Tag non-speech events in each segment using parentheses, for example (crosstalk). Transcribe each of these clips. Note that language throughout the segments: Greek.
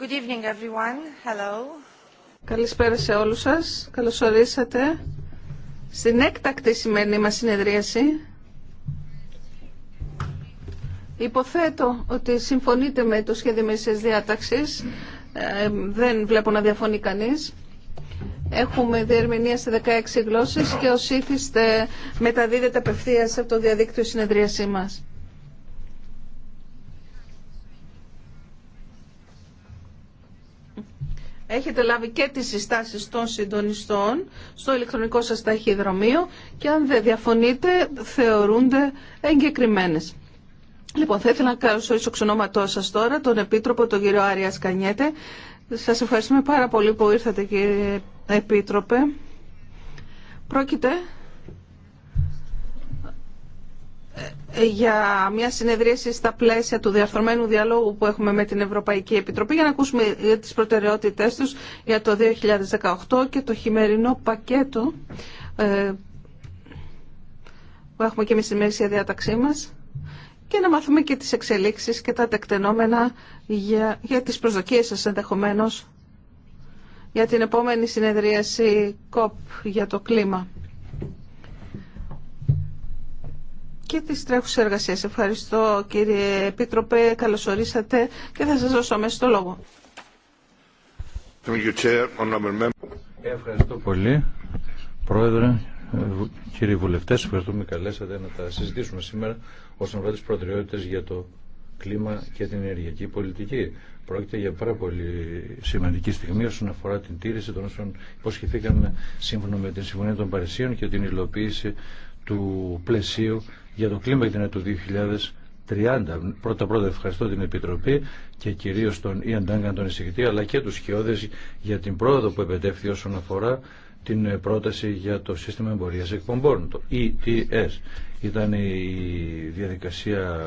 Good evening everyone. Hello. Καλησπέρα σε όλους σας. Καλώς ορίσατε στην έκτακτη σημερινή μας συνεδρίαση. Υποθέτω ότι συμφωνείτε με το σχέδιο μεσής διάταξης. Ε, δεν βλέπω να διαφωνεί κανείς. Έχουμε διερμηνία σε 16 γλώσσες και ως ήθιστε μεταδίδεται απευθείας από το διαδίκτυο συνεδρίασή μας. έχετε λάβει και τις συστάσεις των συντονιστών στο ηλεκτρονικό σας ταχυδρομείο και αν δεν διαφωνείτε θεωρούνται εγκεκριμένες. Λοιπόν, θα ήθελα να καλωσορίσω εξ ονόματός σας τώρα τον Επίτροπο, τον κύριο Άρια Σκανιέτε. Σας ευχαριστούμε πάρα πολύ που ήρθατε κύριε Επίτροπε. Πρόκειται ε, για μια συνεδρίαση στα πλαίσια του διαρθρωμένου διαλόγου που έχουμε με την Ευρωπαϊκή Επιτροπή για να ακούσουμε ε, τις προτεραιότητές τους για το 2018 και το χειμερινό πακέτο ε, που έχουμε και εμείς στη μέση διάταξή μας και να μάθουμε και τις εξελίξεις και τα τεκτενόμενα για, για τις προσδοκίες σας ενδεχομένως για την επόμενη συνεδρίαση COP για το κλίμα. και τις τρέχουσες εργασίες. Ευχαριστώ κύριε Επίτροπε, καλωσορίσατε και θα σας δώσω αμέσως το λόγο. Ευχαριστώ πολύ, Πρόεδρε, κύριοι βουλευτές, ευχαριστούμε καλέσατε να τα συζητήσουμε σήμερα όσον αφορά τις προτεραιότητες για το κλίμα και την ενεργειακή πολιτική. Πρόκειται για πάρα πολύ σημαντική στιγμή όσον αφορά την τήρηση των όσων υποσχεθήκαμε σύμφωνα με την Συμφωνία των Παρισίων και την υλοποίηση του πλαισίου για το κλίμα και την του 2030. Πρώτα πρώτα ευχαριστώ την Επιτροπή και κυρίως τον Ιαν Τάγκαν τον εισηγητή αλλά και τους χειώδες για την πρόοδο που επετεύχθη όσον αφορά την πρόταση για το σύστημα εμπορίας εκπομπών, το ETS. Ήταν η διαδικασία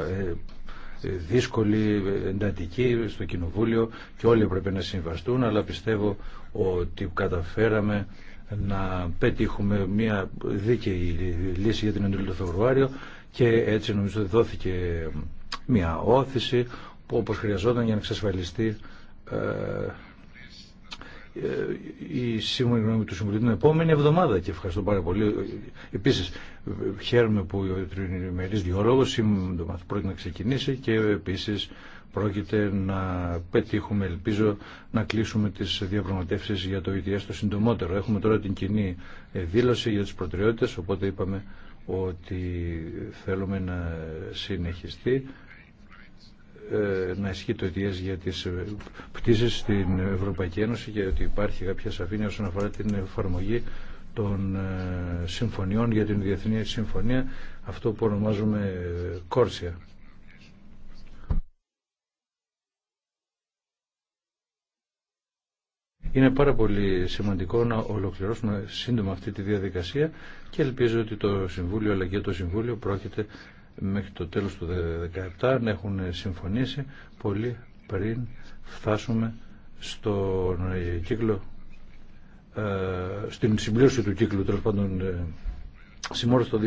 ε, δύσκολη, εντατική στο Κοινοβούλιο και όλοι έπρεπε να συμβαστούν, αλλά πιστεύω ότι καταφέραμε να πετύχουμε μια δίκαιη λύση για την εντολή του Φεβρουάριο και έτσι νομίζω ότι δόθηκε μια όθηση που όπως χρειαζόταν για να εξασφαλιστεί ε, ε, η σύμβουλη γνώμη του Συμβουλίου την επόμενη εβδομάδα και ευχαριστώ πάρα πολύ. Επίσης χαίρομαι που ο τριμερής διολόγος πρόκειται να ξεκινήσει και επίσης πρόκειται να πετύχουμε, ελπίζω, να κλείσουμε τις διαπραγματεύσεις για το ETS το συντομότερο. Έχουμε τώρα την κοινή δήλωση για τις προτεραιότητες, οπότε είπαμε ότι θέλουμε να συνεχιστεί ε, να ισχύει το για τις ε, πτήσεις στην Ευρωπαϊκή Ένωση και ότι υπάρχει κάποια σαφήνεια όσον αφορά την εφαρμογή των ε, συμφωνιών για την Διεθνή Συμφωνία αυτό που ονομάζουμε Κόρσια. Είναι πάρα πολύ σημαντικό να ολοκληρώσουμε σύντομα αυτή τη διαδικασία και ελπίζω ότι το Συμβούλιο αλλά και το Συμβούλιο πρόκειται μέχρι το τέλος του 2017 να έχουν συμφωνήσει πολύ πριν φτάσουμε στον ε, κύκλο ε, στην συμπλήρωση του κύκλου τέλο πάντων ε, συμμόρφωση το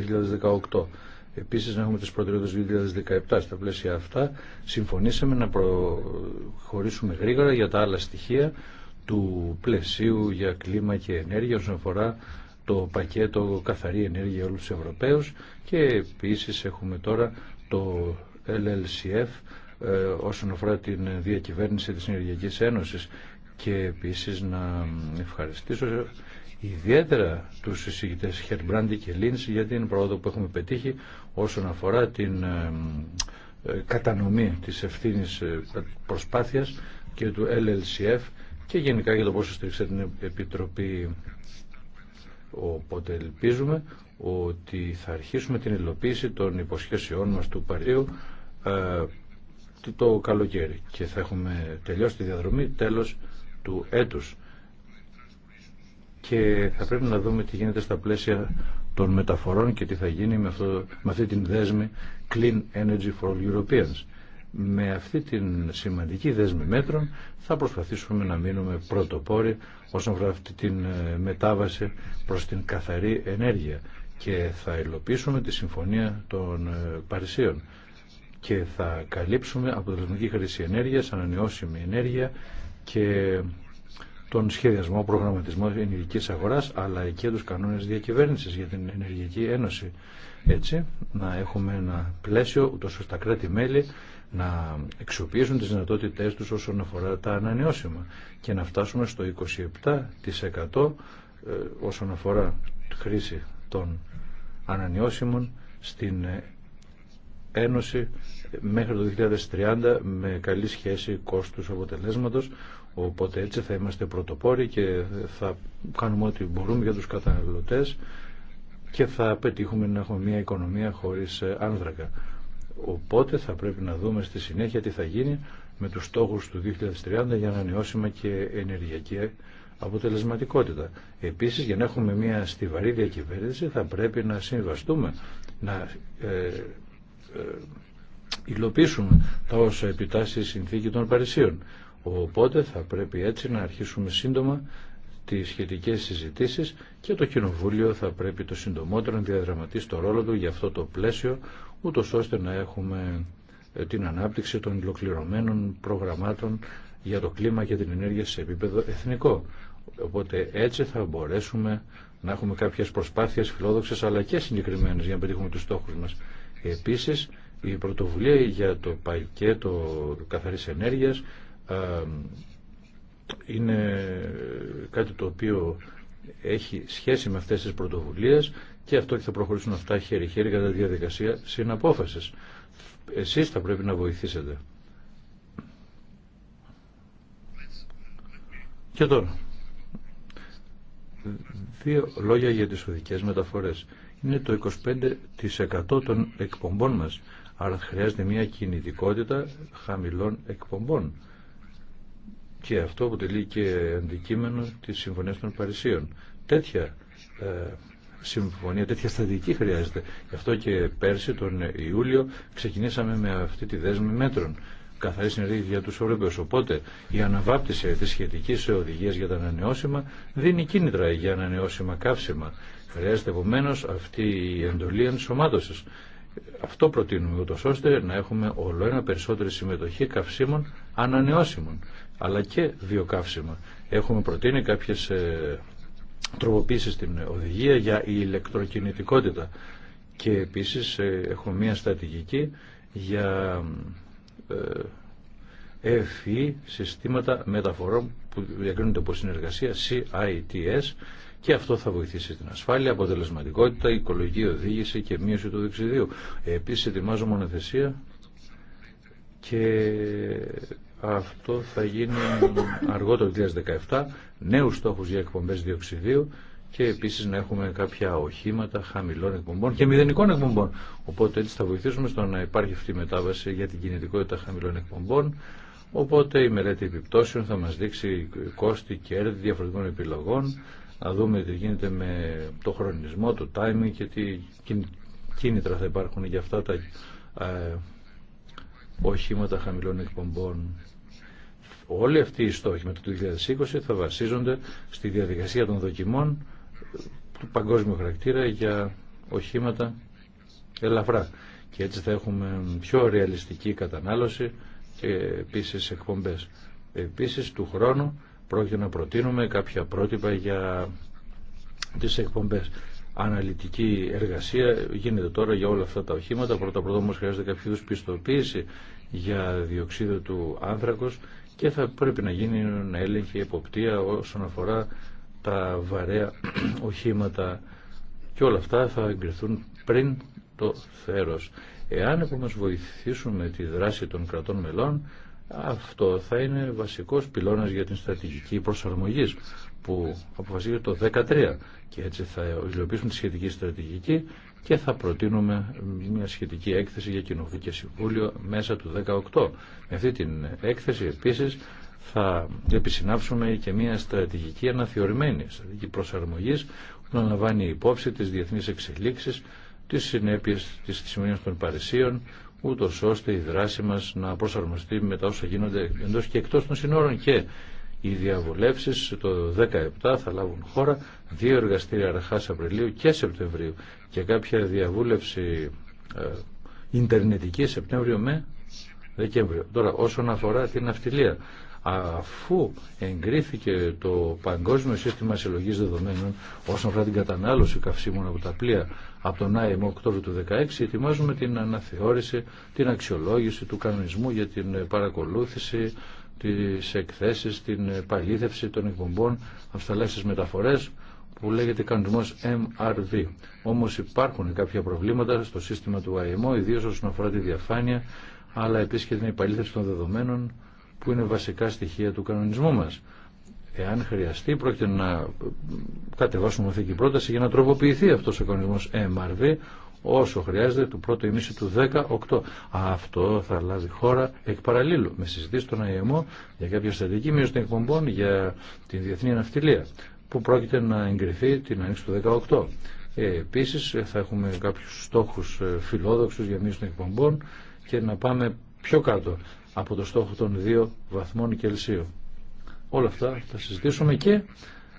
2018. Επίσης να έχουμε τις προτεραιότητες 2017 στα πλαίσια αυτά. Συμφωνήσαμε να προχωρήσουμε γρήγορα για τα άλλα στοιχεία του πλαισίου για κλίμα και ενέργεια όσον αφορά το πακέτο καθαρή ενέργεια όλους τους Ευρωπαίους και επίσης έχουμε τώρα το LLCF ε, όσον αφορά την διακυβέρνηση της Ενεργειακής Ένωσης και επίσης να ευχαριστήσω ιδιαίτερα τους εισηγητές Χερμπράντι και Λίνς για την πρόοδο που έχουμε πετύχει όσον αφορά την ε, ε, κατανομή της ευθύνης προσπάθειας και του LLCF και γενικά για το πόσο στήριξε την Επιτροπή. Οπότε ελπίζουμε ότι θα αρχίσουμε την υλοποίηση των υποσχέσεών μας του Παρίου ε, το καλοκαίρι και θα έχουμε τελειώσει τη διαδρομή τέλος του έτους και θα πρέπει να δούμε τι γίνεται στα πλαίσια των μεταφορών και τι θα γίνει με, αυτό, με αυτή την δέσμη Clean Energy for All Europeans με αυτή την σημαντική δέσμη μέτρων θα προσπαθήσουμε να μείνουμε πρωτοπόροι όσον αφορά αυτή την ε, μετάβαση προς την καθαρή ενέργεια και θα υλοποιήσουμε τη Συμφωνία των ε, Παρισίων και θα καλύψουμε από αποτελεσματική χρήση ενέργειας, ανανεώσιμη ενέργεια και τον σχεδιασμό, προγραμματισμό ενεργικής αγοράς αλλά και τους κανόνες διακυβέρνησης για την Ενεργειακή Ένωση. Έτσι, να έχουμε ένα πλαίσιο ούτως ώστε τα κράτη-μέλη να εξοπλίσουν τις δυνατότητές τους όσον αφορά τα ανανεώσιμα και να φτάσουμε στο 27% ε, όσον αφορά τη χρήση των ανανεώσιμων στην ε, Ένωση ε, μέχρι το 2030 με καλή σχέση κόστους αποτελέσματος οπότε έτσι θα είμαστε πρωτοπόροι και θα κάνουμε ό,τι μπορούμε για τους καταναλωτές και θα πετύχουμε να έχουμε μια οικονομία χωρίς άνθρακα. Οπότε θα πρέπει να δούμε στη συνέχεια τι θα γίνει με τους στόχους του 2030 για να νεώσουμε και ενεργειακή αποτελεσματικότητα. Επίσης για να έχουμε μια στιβαρή διακυβέρνηση θα πρέπει να συμβαστούμε, να ε, ε, υλοποιήσουμε τα όσα επιτάσσει η συνθήκη των Παρισίων. Οπότε θα πρέπει έτσι να αρχίσουμε σύντομα τις σχετικές συζητήσεις και το Κοινοβούλιο θα πρέπει το συντομότερο να διαδραματίσει το ρόλο του για αυτό το πλαίσιο, ούτω ώστε να έχουμε ε, την ανάπτυξη των ολοκληρωμένων προγραμμάτων για το κλίμα και την ενέργεια σε επίπεδο εθνικό. Οπότε έτσι θα μπορέσουμε να έχουμε κάποιες προσπάθειες φιλόδοξες αλλά και συγκεκριμένες για να πετύχουμε τους στόχους μας. Επίσης, η πρωτοβουλία για το πακέτο καθαρής ενέργειας ε, είναι κάτι το οποίο έχει σχέση με αυτές τις πρωτοβουλίες και αυτό και θα προχωρήσουν αυτά χέρι-χέρι κατά τη διαδικασία συναπόφασης. Εσείς θα πρέπει να βοηθήσετε. Και τώρα, δύο λόγια για τις οδικές μεταφορές. Είναι το 25% των εκπομπών μας, άρα χρειάζεται μια κινητικότητα χαμηλών εκπομπών και αυτό αποτελεί και αντικείμενο της Συμφωνίας των Παρισίων. Τέτοια ε, συμφωνία, τέτοια στρατηγική χρειάζεται. Γι' αυτό και πέρσι τον Ιούλιο ξεκινήσαμε με αυτή τη δέσμη μέτρων. Καθαρή συνεργασία για του Ευρωπαίου. Οπότε η αναβάπτιση τη σχετική οδηγία για τα ανανεώσιμα δίνει κίνητρα για ανανεώσιμα καύσιμα. Χρειάζεται επομένω αυτή η εντολή ενσωμάτωση. Αυτό προτείνουμε ούτω ώστε να έχουμε όλο ένα περισσότερη συμμετοχή καυσίμων ανανεώσιμων αλλά και βιοκαύσιμα. Έχουμε προτείνει κάποιες ε, τροποποίησεις στην οδηγία για η ηλεκτροκινητικότητα και επίσης ε, έχουμε μια στρατηγική για ΕΦΗ e συστήματα μεταφορών που διακρίνονται από συνεργασία CITS και αυτό θα βοηθήσει την ασφάλεια, αποτελεσματικότητα, οικολογική οδήγηση και μείωση του δεξιδίου. Επίσης ετοιμάζω μονοθεσία και αυτό θα γίνει αργό το 2017, νέους στόχους για εκπομπές διοξιδίου και επίσης να έχουμε κάποια οχήματα χαμηλών εκπομπών και μηδενικών εκπομπών. Οπότε έτσι θα βοηθήσουμε στο να υπάρχει αυτή η μετάβαση για την κινητικότητα χαμηλών εκπομπών. Οπότε η μελέτη επιπτώσεων θα μας δείξει κόστη, κέρδη διαφορετικών επιλογών, να δούμε τι γίνεται με το χρονισμό, το timing και τι κίνητρα θα υπάρχουν για αυτά τα ε, οχήματα χαμηλών εκπομπών. Όλοι αυτοί οι στόχοι με το 2020 θα βασίζονται στη διαδικασία των δοκιμών του παγκόσμιου χαρακτήρα για οχήματα ελαφρά. Και έτσι θα έχουμε πιο ρεαλιστική κατανάλωση και επίση εκπομπές. Επίσης του χρόνου πρόκειται να προτείνουμε κάποια πρότυπα για τις εκπομπές. Αναλυτική εργασία γίνεται τώρα για όλα αυτά τα οχήματα. Πρώτα όλα όμω χρειάζεται κάποιο είδου πιστοποίηση για διοξείδιο του άνθρακος και θα πρέπει να γίνει έλεγχη, εποπτεία όσον αφορά τα βαρέα (clears throat) οχήματα και όλα αυτά θα εγκριθούν πριν το θέρος. Εάν επομένως βοηθήσουμε τη δράση των κρατών μελών, αυτό θα είναι βασικός πυλώνας για την στρατηγική προσαρμογή που αποφασίζεται το 2013 και έτσι θα υλοποιήσουμε τη σχετική στρατηγική και θα προτείνουμε μια σχετική έκθεση για Κοινοβούλιο και Συμβούλιο μέσα του 2018. Με αυτή την έκθεση επίσης θα επισυνάψουμε και μια στρατηγική αναθεωρημένη, στρατηγική προσαρμογής που να λαμβάνει υπόψη τις διεθνείς εξελίξεις, τις συνέπειες της Συμφωνία των Παρισίων, ούτω ώστε η δράση μας να προσαρμοστεί με τα όσα γίνονται εντός και εκτός των συνόρων και οι διαβουλεύσεις το 2017 θα λάβουν χώρα δύο εργαστήρια αρχά Απριλίου και Σεπτεμβρίου και κάποια διαβούλευση ε, Ιντερνετική Σεπτέμβριο με Δεκέμβριο. Τώρα όσον αφορά την αυτιλία αφού εγκρίθηκε το Παγκόσμιο Σύστημα Συλλογή Δεδομένων όσον αφορά την κατανάλωση καυσίμων από τα πλοία από τον ΆΕΜΟ Οκτώβριο του 2016, ετοιμάζουμε την αναθεώρηση, την αξιολόγηση του κανονισμού για την παρακολούθηση τις εκθέσεις, την παλήθευση των εκπομπών από μεταφορές που λέγεται κανονισμός MRV. Όμως υπάρχουν κάποια προβλήματα στο σύστημα του IMO, ιδίως όσον αφορά τη διαφάνεια, αλλά επίσης και την επαλήθευση των δεδομένων που είναι βασικά στοιχεία του κανονισμού μας. Εάν χρειαστεί, πρόκειται να κατεβάσουμε αυτή πρόταση για να τροποποιηθεί αυτός ο κανονισμός MRV, όσο χρειάζεται του πρώτου ημίση του 18. Αυτό θα αλλάζει χώρα εκ παραλίλου με συζητήσει τον ΑΕΜΟ για κάποια στρατηγική μείωση των εκπομπών για την διεθνή ναυτιλία που πρόκειται να εγκριθεί την άνοιξη του 18. Ε, επίσης θα έχουμε κάποιου στόχου ε, φιλόδοξου για μείωση των εκπομπών και να πάμε πιο κάτω από το στόχο των 2 βαθμών Κελσίου. Όλα αυτά θα συζητήσουμε και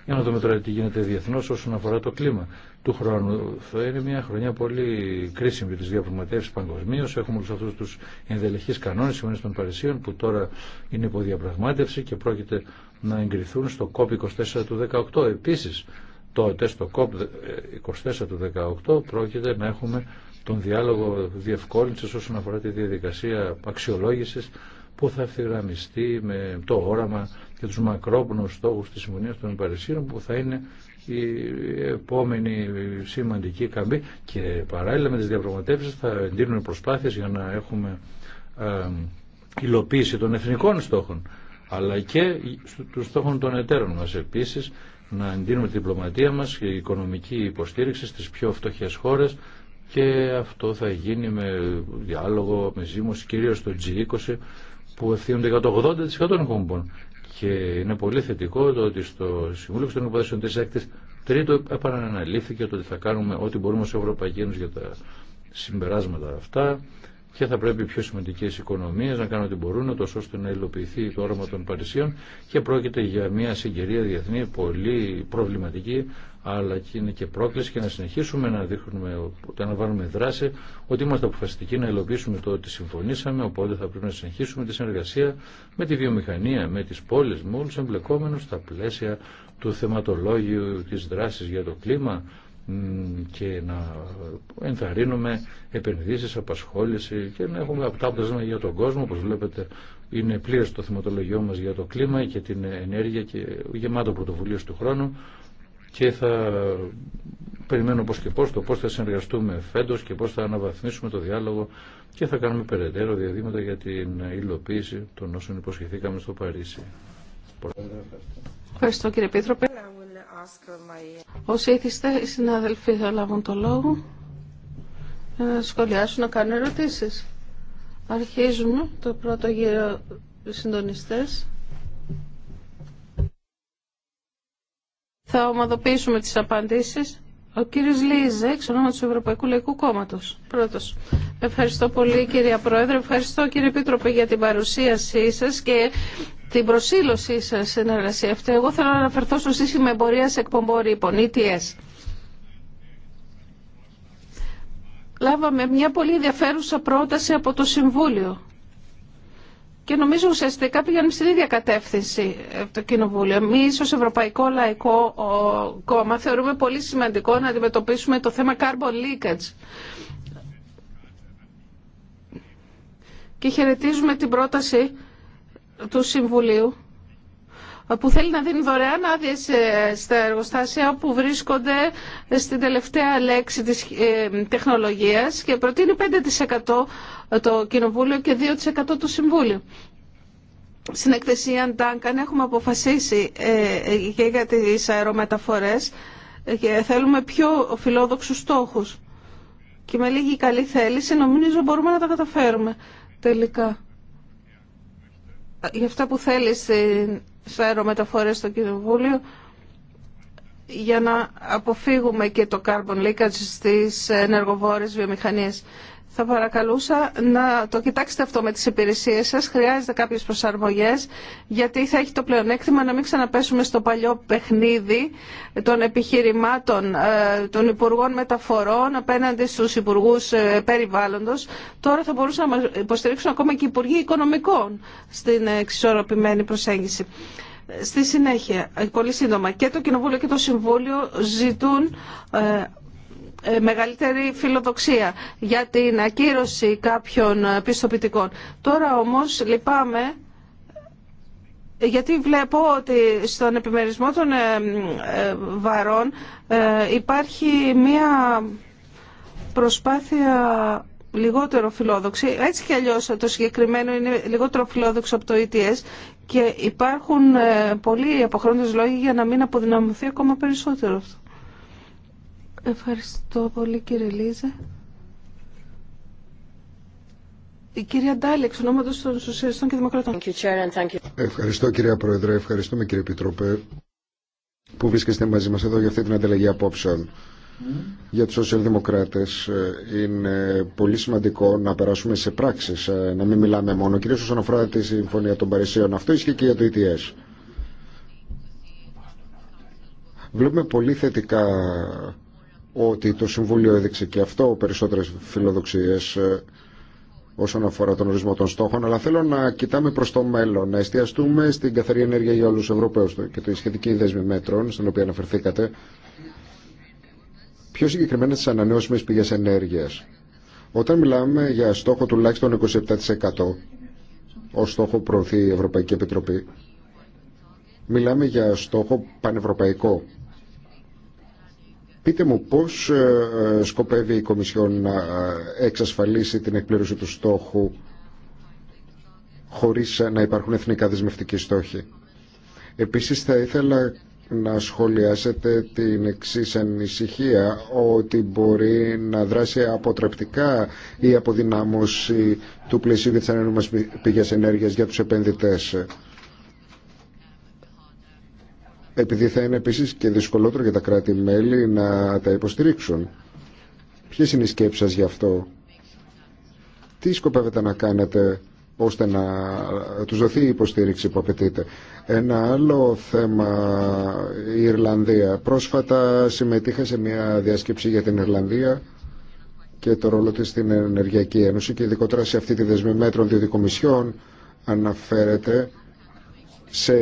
για να δούμε τώρα τι γίνεται διεθνώ όσον αφορά το κλίμα του χρόνου. Θα είναι μια χρονιά πολύ κρίσιμη για τι διαπραγματεύσει παγκοσμίω. Έχουμε όλου αυτού του ενδελεχεί κανόνε Συμφωνία των Παρισίων που τώρα είναι διαπραγμάτευση και πρόκειται να εγκριθούν στο COP24 του 18. Επίση, τότε στο COP24 του 18 πρόκειται να έχουμε τον διάλογο διευκόλυνση όσον αφορά τη διαδικασία αξιολόγηση που θα ευθυγραμμιστεί με το όραμα και τους μακρόπνους στόχους της Συμφωνίας των Παρισίων που θα είναι η επόμενη σημαντική καμπή και παράλληλα με τις διαπραγματεύσεις θα εντείνουμε προσπάθειες για να έχουμε ε, υλοποίηση των εθνικών στόχων αλλά και των στόχων των εταίρων μας επίσης να εντείνουμε τη διπλωματία μας και η οικονομική υποστήριξη στις πιο φτωχές χώρες και αυτό θα γίνει με διάλογο, με ζήμωση κυρίως στο G20 που ευθύνονται 180% των κομπών και είναι πολύ θετικό το ότι στο Συμβούλιο των Υποθέσεων τη Έκτη Τρίτο, επαναναλήφθηκε το ότι θα κάνουμε ό,τι μπορούμε ω Ευρωπαϊκή Ένωση για τα συμπεράσματα αυτά και θα πρέπει οι πιο σημαντικέ οικονομίε να κάνουν ό,τι μπορούν, ώστε να υλοποιηθεί το όραμα των Παρισίων και πρόκειται για μια συγκυρία διεθνή πολύ προβληματική, αλλά και είναι και πρόκληση και να συνεχίσουμε να δείχνουμε, να βάλουμε δράση, ότι είμαστε αποφασιστικοί να υλοποιήσουμε το ότι συμφωνήσαμε, οπότε θα πρέπει να συνεχίσουμε τη συνεργασία με τη βιομηχανία, με τι πόλει, με όλου εμπλεκόμενου στα πλαίσια του θεματολόγιου τη δράση για το κλίμα και να ενθαρρύνουμε επενδύσεις, απασχόληση και να έχουμε απτά για τον κόσμο. Όπως βλέπετε είναι πλήρες το θεματολογιό μας για το κλίμα και την ενέργεια και γεμάτο πρωτοβουλίες του χρόνου και θα περιμένω πώς και πώς το πώς θα συνεργαστούμε φέτος και πώς θα αναβαθμίσουμε το διάλογο και θα κάνουμε περαιτέρω διαδήματα για την υλοποίηση των όσων υποσχεθήκαμε στο Παρίσι. Ευχαριστώ κύριε Πίτροπε. Όσοι ήθιστε, οι συνάδελφοι θα λάβουν το λόγο να σχολιάσουν, να κάνουν ερωτήσεις. Αρχίζουμε το πρώτο γύρο συντονιστές. Θα ομαδοποιήσουμε τις απαντήσεις. Ο κύριος Λίζε, εξ του Ευρωπαϊκού Λαϊκού Κόμματος. Πρώτος. Ευχαριστώ πολύ κύριε Πρόεδρε, ευχαριστώ κύριε Επίτροπε για την παρουσίασή σας και την προσήλωσή σε στην εργασία αυτή. Εγώ θέλω να αναφερθώ στο σύστημα εμπορία εκπομπών ρήπων, ETS. Λάβαμε μια πολύ ενδιαφέρουσα πρόταση από το Συμβούλιο και νομίζω ουσιαστικά πήγαμε στην ίδια κατεύθυνση ε, το Κοινοβούλιο. Εμεί ω Ευρωπαϊκό Λαϊκό Κόμμα θεωρούμε πολύ σημαντικό να αντιμετωπίσουμε το θέμα carbon leakage. Και χαιρετίζουμε την πρόταση του Συμβουλίου που θέλει να δίνει δωρεάν άδειε ε, στα εργοστάσια που βρίσκονται στην τελευταία λέξη της ε, τεχνολογίας και προτείνει 5% το Κοινοβούλιο και 2% το Συμβούλιο. Στην εκθεσία Αντάνκαν έχουμε αποφασίσει ε, και για τις αερομεταφορές και θέλουμε πιο φιλόδοξους στόχους. Και με λίγη καλή θέληση νομίζω μπορούμε να τα καταφέρουμε τελικά για αυτά που θέλει ε, φέρω μεταφορές στο Κοινοβούλιο για να αποφύγουμε και το carbon leakage στις ενεργοβόρες βιομηχανίες θα παρακαλούσα να το κοιτάξετε αυτό με τις υπηρεσίες σας. Χρειάζεται κάποιες προσαρμογές, γιατί θα έχει το πλεονέκτημα να μην ξαναπέσουμε στο παλιό παιχνίδι των επιχειρημάτων ε, των Υπουργών Μεταφορών απέναντι στους Υπουργούς ε, Περιβάλλοντος. Τώρα θα μπορούσαν να μας υποστηρίξουν ακόμα και οι Υπουργοί Οικονομικών στην εξισορροπημένη προσέγγιση. Στη συνέχεια, ε, πολύ σύντομα, και το Κοινοβούλιο και το Συμβούλιο ζητούν ε, μεγαλύτερη φιλοδοξία για την ακύρωση κάποιων ε, πιστοποιητικών. Τώρα όμως λυπάμαι ε, γιατί βλέπω ότι στον επιμερισμό των βαρών υπάρχει μία προσπάθεια λιγότερο φιλόδοξη. Έτσι κι αλλιώς το συγκεκριμένο είναι λιγότερο φιλόδοξο από το ETS και υπάρχουν πολλοί αποχρόντες λόγοι για να μην αποδυναμωθεί ακόμα περισσότερο αυτό. Ευχαριστώ πολύ κύριε Λίζε. Η κυρία Ντάλη, εξ ονόματος των Σοσιαλιστών και Δημοκρατών. Ευχαριστώ κυρία Πρόεδρε, ευχαριστούμε κύριε Επιτροπέ που βρίσκεστε μαζί μας εδώ για αυτή την ανταλλαγή απόψεων. Για τους σοσιαλδημοκράτες ε, είναι πολύ σημαντικό να περάσουμε σε πράξεις, ε, να μην μιλάμε μόνο, κυρίως όσον αφορά τη Συμφωνία των Παρισίων. Αυτό ισχύει και για το ETS. Βλέπουμε πολύ θετικά ότι το Συμβούλιο έδειξε και αυτό περισσότερες φιλοδοξίες ε, όσον αφορά τον ορισμό των στόχων, αλλά θέλω να κοιτάμε προς το μέλλον, να εστιαστούμε στην καθαρή ενέργεια για όλους τους Ευρωπαίους και τη σχετική δέσμη μέτρων, στην οποία αναφερθήκατε, πιο συγκεκριμένα στις ανανεώσιμες πηγές ενέργειας. Όταν μιλάμε για στόχο τουλάχιστον 27% ως στόχο προωθεί η Ευρωπαϊκή Επιτροπή, μιλάμε για στόχο πανευρωπαϊκό. Πείτε μου πώς ε, ε, σκοπεύει η Κομισιόν να ε, εξασφαλίσει την εκπλήρωση του στόχου χωρίς να υπάρχουν εθνικά δεσμευτικοί στόχοι. Επίσης θα ήθελα να σχολιάσετε την εξή ανησυχία ότι μπορεί να δράσει αποτρεπτικά η αποδυνάμωση του πλαισίου για τις ανένομες πηγές ενέργειας για τους επενδυτές επειδή θα είναι επίσης και δυσκολότερο για τα κράτη-μέλη να τα υποστηρίξουν. Ποιες είναι οι σκέψεις σας γι' αυτό. Τι σκοπεύετε να κάνετε ώστε να τους δοθεί η υποστήριξη που απαιτείται. Ένα άλλο θέμα, η Ιρλανδία. Πρόσφατα συμμετείχα σε μια διάσκεψη για την Ιρλανδία και το ρόλο της στην Ενεργειακή Ένωση και ειδικότερα σε αυτή τη δεσμή μέτρων διότι κομισιών αναφέρεται σε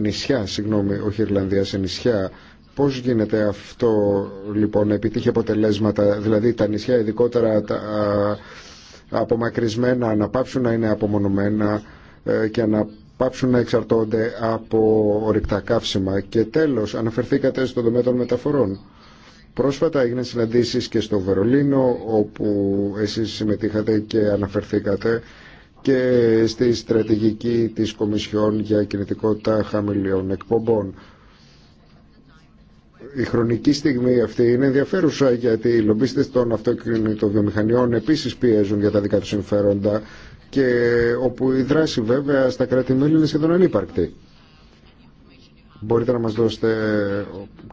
νησιά, συγγνώμη, όχι Ιρλανδία, σε νησιά. Πώς γίνεται αυτό λοιπόν να επιτύχει αποτελέσματα, δηλαδή τα νησιά ειδικότερα τα απομακρυσμένα να πάψουν να είναι απομονωμένα ε, και να πάψουν να εξαρτώνται από ορυκτά καύσιμα. Και τέλος, αναφερθήκατε στον τομέα των μεταφορών. Πρόσφατα έγιναν συναντήσεις και στο Βερολίνο, όπου εσείς συμμετείχατε και αναφερθήκατε και στη στρατηγική της Κομισιόν για κινητικότητα χαμηλίων εκπομπών. Η χρονική στιγμή αυτή είναι ενδιαφέρουσα γιατί οι λομπίστες των βιομηχανιών επίσης πιέζουν για τα δικά τους συμφέροντα και όπου η δράση βέβαια στα κράτη-μέλη είναι σχεδόν ανύπαρκτη. Μπορείτε να μας δώσετε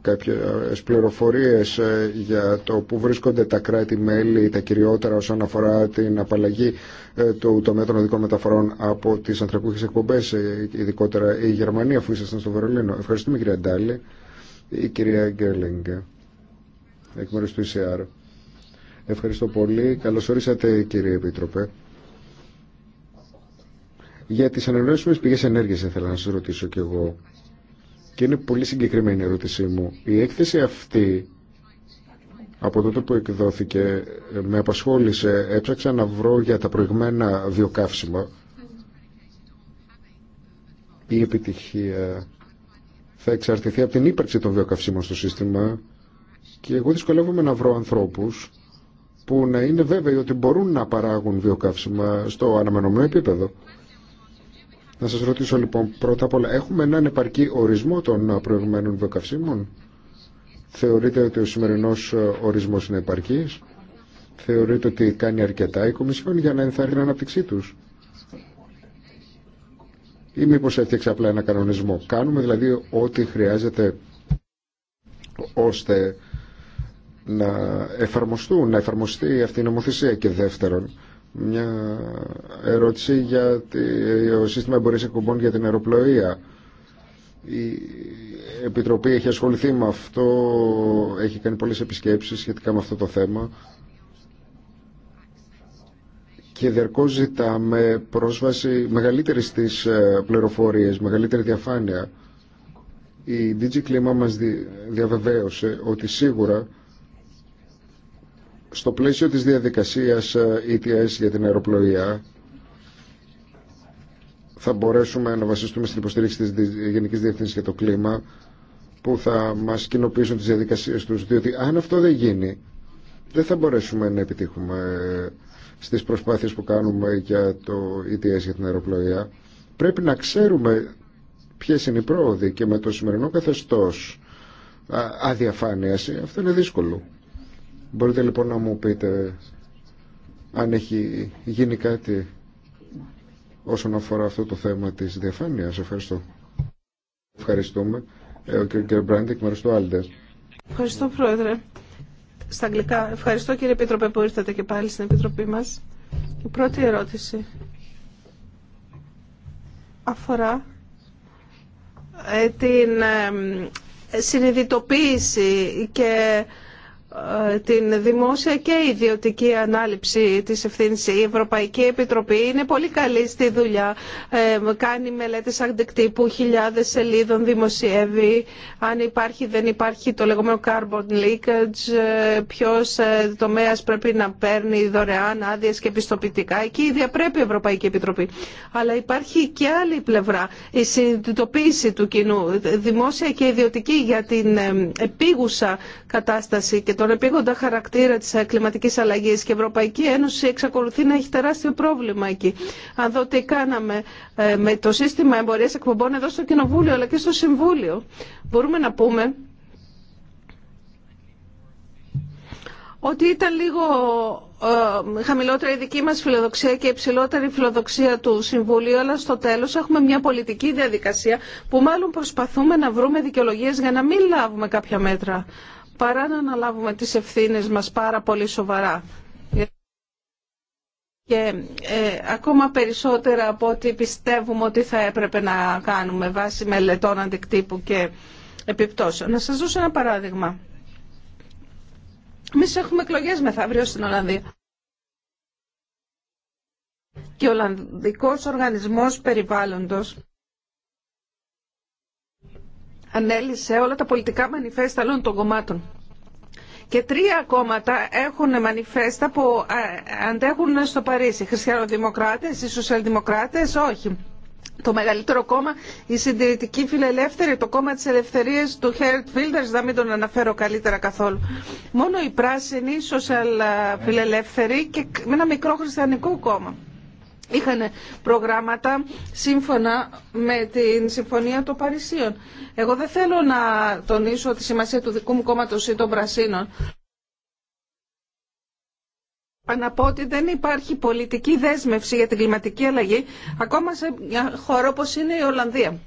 κάποιες πληροφορίες ε, για το που βρίσκονται τα κράτη-μέλη, τα κυριότερα όσον αφορά την απαλλαγή ε, του τομέα των οδικών μεταφορών από τις ανθρακούχες εκπομπές, ε, ειδικότερα η Γερμανία αφού ήσασταν στο Βερολίνο. Ευχαριστούμε κυρία Ντάλη, η κυρία Γκέρλινγκ, εκ μέρους του ECR. Ευχαριστώ πολύ. Καλώς ορίσατε κύριε Επίτροπε. Για τις ανανεώσιμες πηγές ενέργειας ήθελα να σας ρωτήσω κι εγώ. Και είναι πολύ συγκεκριμένη η ερώτησή μου. Η έκθεση αυτή από τότε που εκδόθηκε με απασχόλησε. Έψαξα να βρω για τα προηγμένα βιοκαύσιμα. Η επιτυχία θα εξαρτηθεί από την ύπαρξη των βιοκαυσίμων στο σύστημα και εγώ δυσκολεύομαι να βρω ανθρώπους που να είναι βέβαιοι ότι μπορούν να παράγουν βιοκαύσιμα στο αναμενόμενο επίπεδο. Να σας ρωτήσω λοιπόν πρώτα απ' όλα, έχουμε έναν επαρκή ορισμό των προηγουμένων βιοκαυσίμων. Θεωρείτε ότι ο σημερινός ορισμός είναι επαρκής. Θεωρείτε ότι κάνει αρκετά η Κομισιόν για να ενθάρρει την ανάπτυξή τους. Ή μήπω έφτιαξε απλά ένα κανονισμό. Κάνουμε δηλαδή ό,τι χρειάζεται ώστε να εφαρμοστούν, να εφαρμοστεί αυτή η νομοθεσία. Και δεύτερον, μια ερώτηση για το σύστημα εμπορίας εκπομπών για την αεροπλοεία. Η Επιτροπή έχει ασχοληθεί με αυτό, έχει κάνει πολλές επισκέψεις σχετικά με αυτό το θέμα και διαρκώς ζητάμε πρόσβαση μεγαλύτερη στις ε, πληροφορίες, μεγαλύτερη διαφάνεια. Η DG Κλίμα μας διαβεβαίωσε ότι σίγουρα στο πλαίσιο της διαδικασίας ε, ETS για την αεροπλοεία θα μπορέσουμε να βασιστούμε στην υποστήριξη της Γενικής Διευθύνσης για το κλίμα που θα μας κοινοποιήσουν τις διαδικασίες τους διότι αν αυτό δεν γίνει δεν θα μπορέσουμε να επιτύχουμε ε, στις προσπάθειες που κάνουμε για το ETS για την αεροπλοεία πρέπει να ξέρουμε ποιες είναι οι πρόοδοι και με το σημερινό καθεστώς αδιαφάνειας αυτό είναι δύσκολο. Μπορείτε λοιπόν να μου πείτε αν έχει γίνει κάτι όσον αφορά αυτό το θέμα της διαφάνειας. Ευχαριστώ. Ευχαριστούμε. Ε, ο κ. Μπραντικ, μέρος του Ευχαριστώ, Πρόεδρε. Στα αγγλικά. Ευχαριστώ, κύριε Επίτροπε, που ήρθατε και πάλι στην Επιτροπή μας. Η πρώτη ερώτηση αφορά ε, την ε, συνειδητοποίηση και ε, την δημόσια και ιδιωτική ανάληψη της ευθύνη. Η Ευρωπαϊκή Επιτροπή είναι πολύ καλή στη δουλειά, ε, κάνει μελέτες αντικτύπου, χιλιάδες σελίδων δημοσιεύει, αν υπάρχει δεν υπάρχει το λεγόμενο carbon leakage, ε, ποιος τομέας πρέπει να παίρνει δωρεάν άδειε και πιστοποιητικά. Εκεί διαπρέπει η Ευρωπαϊκή Επιτροπή. Αλλά υπάρχει και άλλη πλευρά, η συνειδητοποίηση του κοινού, δημόσια και ιδιωτική για την επίγουσα κατάσταση και τον επίγοντα χαρακτήρα της κλιματικής αλλαγής και η Ευρωπαϊκή Ένωση εξακολουθεί να έχει τεράστιο πρόβλημα εκεί. Αν δω τι κάναμε ε, με το σύστημα εμπορία εκπομπών εδώ στο Κοινοβούλιο αλλά και στο Συμβούλιο, μπορούμε να πούμε ότι ήταν λίγο ε, χαμηλότερη η δική μας φιλοδοξία και υψηλότερη η φιλοδοξία του Συμβουλίου, αλλά στο τέλος έχουμε μια πολιτική διαδικασία που μάλλον προσπαθούμε να βρούμε δικαιολογίες για να μην λάβουμε κάποια μέτρα παρά να αναλάβουμε τις ευθύνες μας πάρα πολύ σοβαρά και ε, ακόμα περισσότερα από ό,τι πιστεύουμε ότι θα έπρεπε να κάνουμε βάσει μελετών αντικτύπου και επιπτώσεων. Να σας δώσω ένα παράδειγμα. Εμεί έχουμε εκλογέ μεθαύριο στην Ολλανδία. Και ο Ολλανδικός Οργανισμός Περιβάλλοντος ανέλησε όλα τα πολιτικά μανιφέστα όλων των κομμάτων. Και τρία κόμματα έχουν μανιφέστα που ε, αντέχουν στο Παρίσι. Χριστιανοδημοκράτες, οι σοσιαλδημοκράτες, όχι. Το μεγαλύτερο κόμμα, η συντηρητική φιλελεύθερη, το κόμμα της ελευθερίας του Χέρτ Φίλτερς, να μην τον αναφέρω καλύτερα καθόλου. Μόνο η πρασινη σοσιαλ φιλελεύθεροι και με ένα μικρό χριστιανικό κόμμα είχαν προγράμματα σύμφωνα με την Συμφωνία των Παρισίων. Εγώ δεν θέλω να τονίσω τη σημασία του δικού μου κόμματος ή των Πρασίνων. Αναπώ ότι δεν υπάρχει πολιτική δέσμευση για την κλιματική αλλαγή ακόμα σε μια χώρα όπως είναι η Ολλανδία.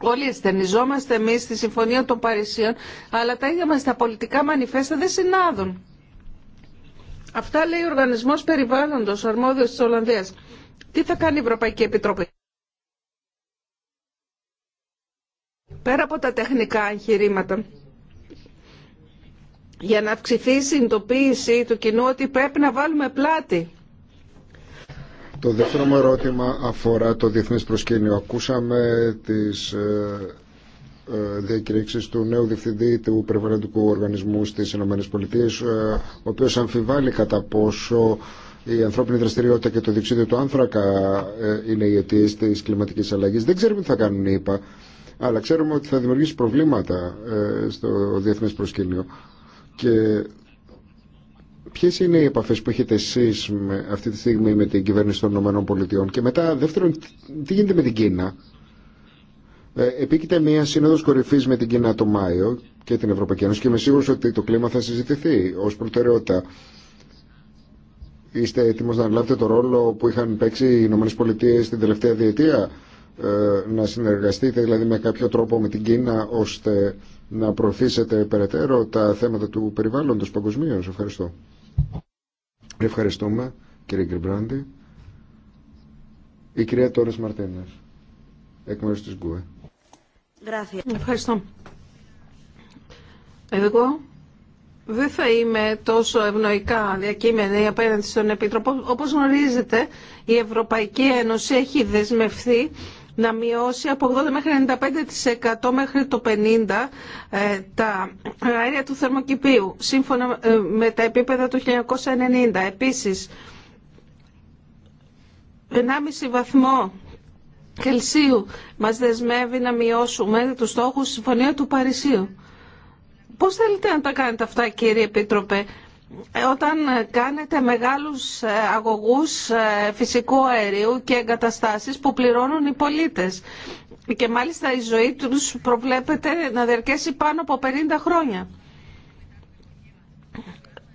Όλοι εστερνιζόμαστε εμεί στη Συμφωνία των Παρισίων, αλλά τα ίδια μας τα πολιτικά μανιφέστα δεν συνάδουν. Αυτά λέει ο Οργανισμός Περιβάλλοντος, ο αρμόδιος της Ολλανδίας. Τι θα κάνει η Ευρωπαϊκή Επιτροπή. Πέρα από τα τεχνικά εγχειρήματα για να αυξηθεί η συνειδητοποίηση του κοινού ότι πρέπει να βάλουμε πλάτη. Το δεύτερο μου ερώτημα αφορά το διεθνές προσκήνιο. Ακούσαμε τις ε, ε διακηρύξεις του νέου διευθυντή του Περιβαλλοντικού Οργανισμού στις ΗΠΑ, ε, ο οποίος αμφιβάλλει κατά πόσο η ανθρώπινη δραστηριότητα και το διοξείδιο του άνθρακα ε, είναι οι αιτίε τη κλιματική αλλαγή. Δεν ξέρουμε τι θα κάνουν οι ΙΠΑ, αλλά ξέρουμε ότι θα δημιουργήσει προβλήματα ε, στο διεθνέ προσκήνιο. Και ποιε είναι οι επαφέ που έχετε εσεί αυτή τη στιγμή με την κυβέρνηση των ΗΠΑ και μετά, δεύτερον, τι γίνεται με την Κίνα. Ε, επίκειται μια σύνοδο κορυφή με την Κίνα το Μάιο και την Ευρωπαϊκή Ένωση και είμαι σίγουρο ότι το κλίμα θα συζητηθεί ω προτεραιότητα. Είστε έτοιμος να λάβετε το ρόλο που είχαν παίξει οι Ηνωμένες Πολιτείες την τελευταία διετία ε, να συνεργαστείτε δηλαδή με κάποιο τρόπο με την Κίνα ώστε να προωθήσετε περαιτέρω τα θέματα του περιβάλλοντος παγκοσμίω. Ευχαριστώ. Ευχαριστούμε κύριε Γκριμπράντη. Η κυρία Τόρες Μαρτίνες, εκ μέρους της ΓΚΟΕ. Ευχαριστώ δεν θα είμαι τόσο ευνοϊκά διακείμενη απέναντι στον Επίτροπο. Όπως γνωρίζετε, η Ευρωπαϊκή Ένωση έχει δεσμευθεί να μειώσει από 80 μέχρι 95% μέχρι το 50% ε, τα αέρια του θερμοκηπίου, σύμφωνα ε, με τα επίπεδα του 1990. Επίσης, 1,5 βαθμό Κελσίου μας δεσμεύει να μειώσουμε τους στόχους της Συμφωνία του Παρισίου. Πώς θέλετε να τα κάνετε αυτά κύριε Επίτροπε όταν κάνετε μεγάλους ε, αγωγούς ε, φυσικού αερίου και εγκαταστάσεις που πληρώνουν οι πολίτες και μάλιστα η ζωή τους προβλέπεται να διαρκέσει πάνω από 50 χρόνια.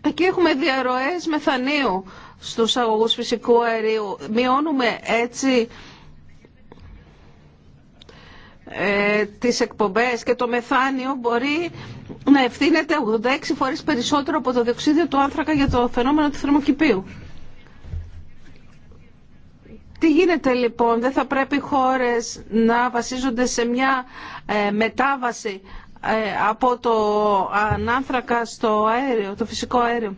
Εκεί έχουμε διαρροές μεθανίου στους αγωγούς φυσικού αερίου. Μειώνουμε έτσι ε, τις εκπομπές και το μεθάνιο μπορεί να ευθύνεται 86 φορές περισσότερο από το διοξίδιο του άνθρακα για το φαινόμενο του θερμοκηπίου. Τι γίνεται λοιπόν, δεν θα πρέπει οι χώρες να βασίζονται σε μια ε, μετάβαση ε, από το ε, ανάνθρακα στο αέριο, το φυσικό αέριο.